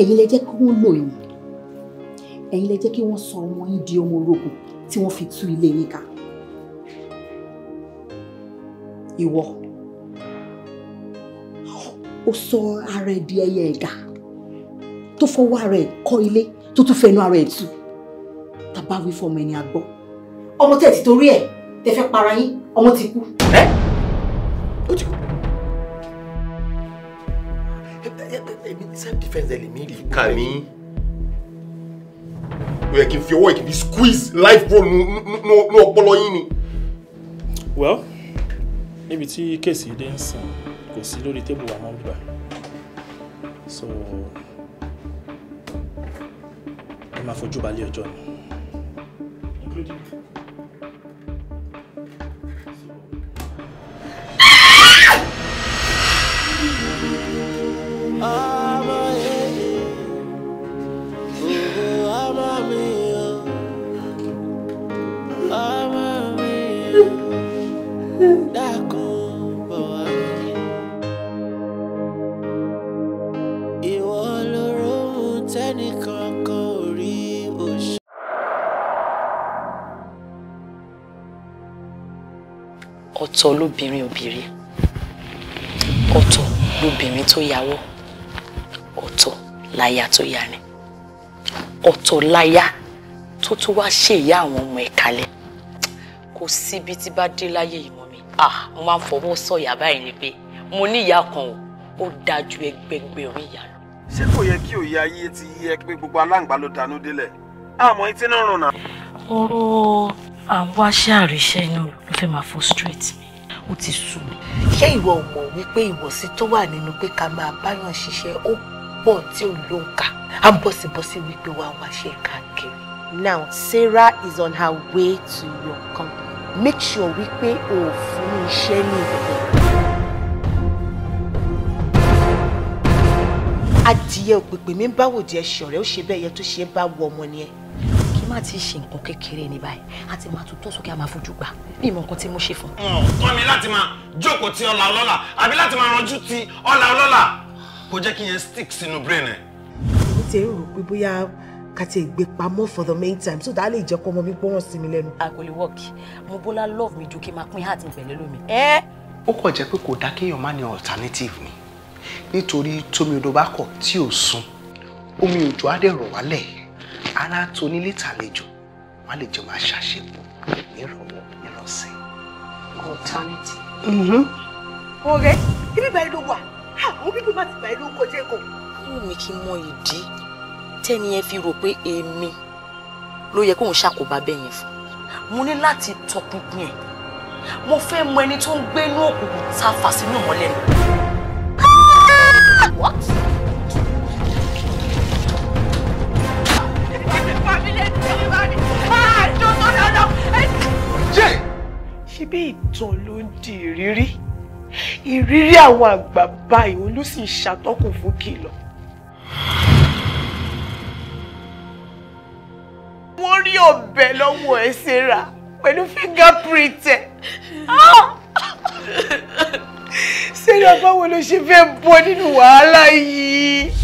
ẹ̀yin lẹ jẹ́ kí wọ́n lò yín ẹ̀yin lẹ jẹ́ kí wọ́n sọ ọmọ yín di ọmọ orogún tí wọ́n fi tú ilé yín ká ìwọ ó sọ ara ẹ di ẹyẹ ẹ̀gà tó fọwọ́ ara ẹ kọ́ ilé tó tún fẹnu ara ẹ tù tàbá wí fọmọ ẹni àgbọ́ ọmọ tẹ̀ ti torí ẹ̀ tẹ́ fẹ́ para yín ọmọ ti kú. ẹ ó ti kú èmi self defence ẹ̀lẹ̀ rí kà mí ó yẹ kí n fi ọwọ́ ìkìlì squeeze life bro nú ọpọlọ yín ni. well níbi tí kéèsì dé ń sìn kò sí lórí tébù wa mọ́ bíbá so ẹ máa fojú balẹ̀ ọjọ́ ni. including ọ̀tọ̀ lóbìnrin òbírí ọ̀tọ̀ lóbìnrin tó yàwó ọ̀tọ̀ láya tó yarin ọ̀tọ̀ láya tó tún wá ṣe ìyá àwọn ọmọ ẹ̀ kalẹ̀ kò síbi tí bá dé láyé ìmọ̀ mi ah mo máa ń fọwọ́ sọ̀yà báyìí ni pé mo ní ìyá kan o ó dáa ju ẹgbẹgbẹ̀rún ìyá lọ. ṣé kò yẹ kí òye ayé ti yẹ pé gbogbo aláǹgbá ló dànù délẹ̀ àmọ́ etí náà rùn náà. ọ̀rọ̀ àwọn aṣáàrìṣẹ́ inú ló fẹ́ máa frustrate ó ti sú mi. ṣé ìwọ ò mọ̀ wípé ìwọ̀sí tó wà nínú pé ká máa báyàn ṣiṣẹ́ ó pọ̀ tí ò ló ń kà á ń bọ̀sibọ́sí wípé wàá wá ṣe káàkiri. now Sarah is on her way to your company make sure wípé o ò fún iṣẹ́ ní ìbẹ̀rẹ̀. adìyẹ òpèpè mi ń báwò díẹ̀ ṣọ̀rẹ́ ó ṣe bẹ́ẹ̀ yẹ tó ṣe bá wọ ọmọ ni má ti ṣe nǹkan kékeré ní báyìí a ti máa tún tó sókè a máa fojú gbà bí ìmọ̀ nǹkan tí mo ṣe fún. ọ̀tọ́ mi láti máa jókòó ti ọlà ọlọ́là àbí láti máa ranjú ti ọlà ọlọ́là kò jẹ́ kí yẹn stick sínú brain ẹ̀. mo ti rò pé bóyá ká ti gbé pamọ́ for the main time so that lè jẹ́ kó ọmọ mi gbọ́ràn sí mi lẹ́nu. a kò mo bọ́lá love mi ju kí n máa pín heart pẹ̀lẹ́ lómi. ó kàn jẹ́ pé kò dá kéèyàn má ní alternative ni nítorí tómi odò bá kọ̀ tí ò sun omi òjò á dẹ̀ rọ̀ wálẹ̀ ara tó nílé tàlejò wọn lè jọ máa ṣàṣepọ̀ nírọ̀wọ́ nírọ̀sẹ̀. alternative. Mm-hmm. ọ̀rẹ́ ibi ìgbà yìí ló wà àwọn bíbí má ti gbà yìí ló ń kọjá ẹ̀kọ́. inú mi kì í mọ ìdí tẹ́ni yẹn fi rò pé èmi ló yẹ kóun ṣàkóbá bẹ́ẹ̀ yẹn fún mo ní láti tọpinpin ẹ̀ mo fẹ́ mọ ẹni tó ń gbénú òkùnkùn tá a fà sínú ìmọ́lẹ̀ what? ṣe bí ìtàn ló ń di ìrírí ìrírí àwọn àgbà báyìí òun ló sì ń ṣàtọ́kùn fún kìlọ̀. wọ́n rí ọ̀bẹ lọ́wọ́ ẹ̀ ṣera pẹ̀lú fingerprint ẹ̀. ṣé ìyá báwo ló ṣe fẹ́ bọ́ nínú wàhálà yìí.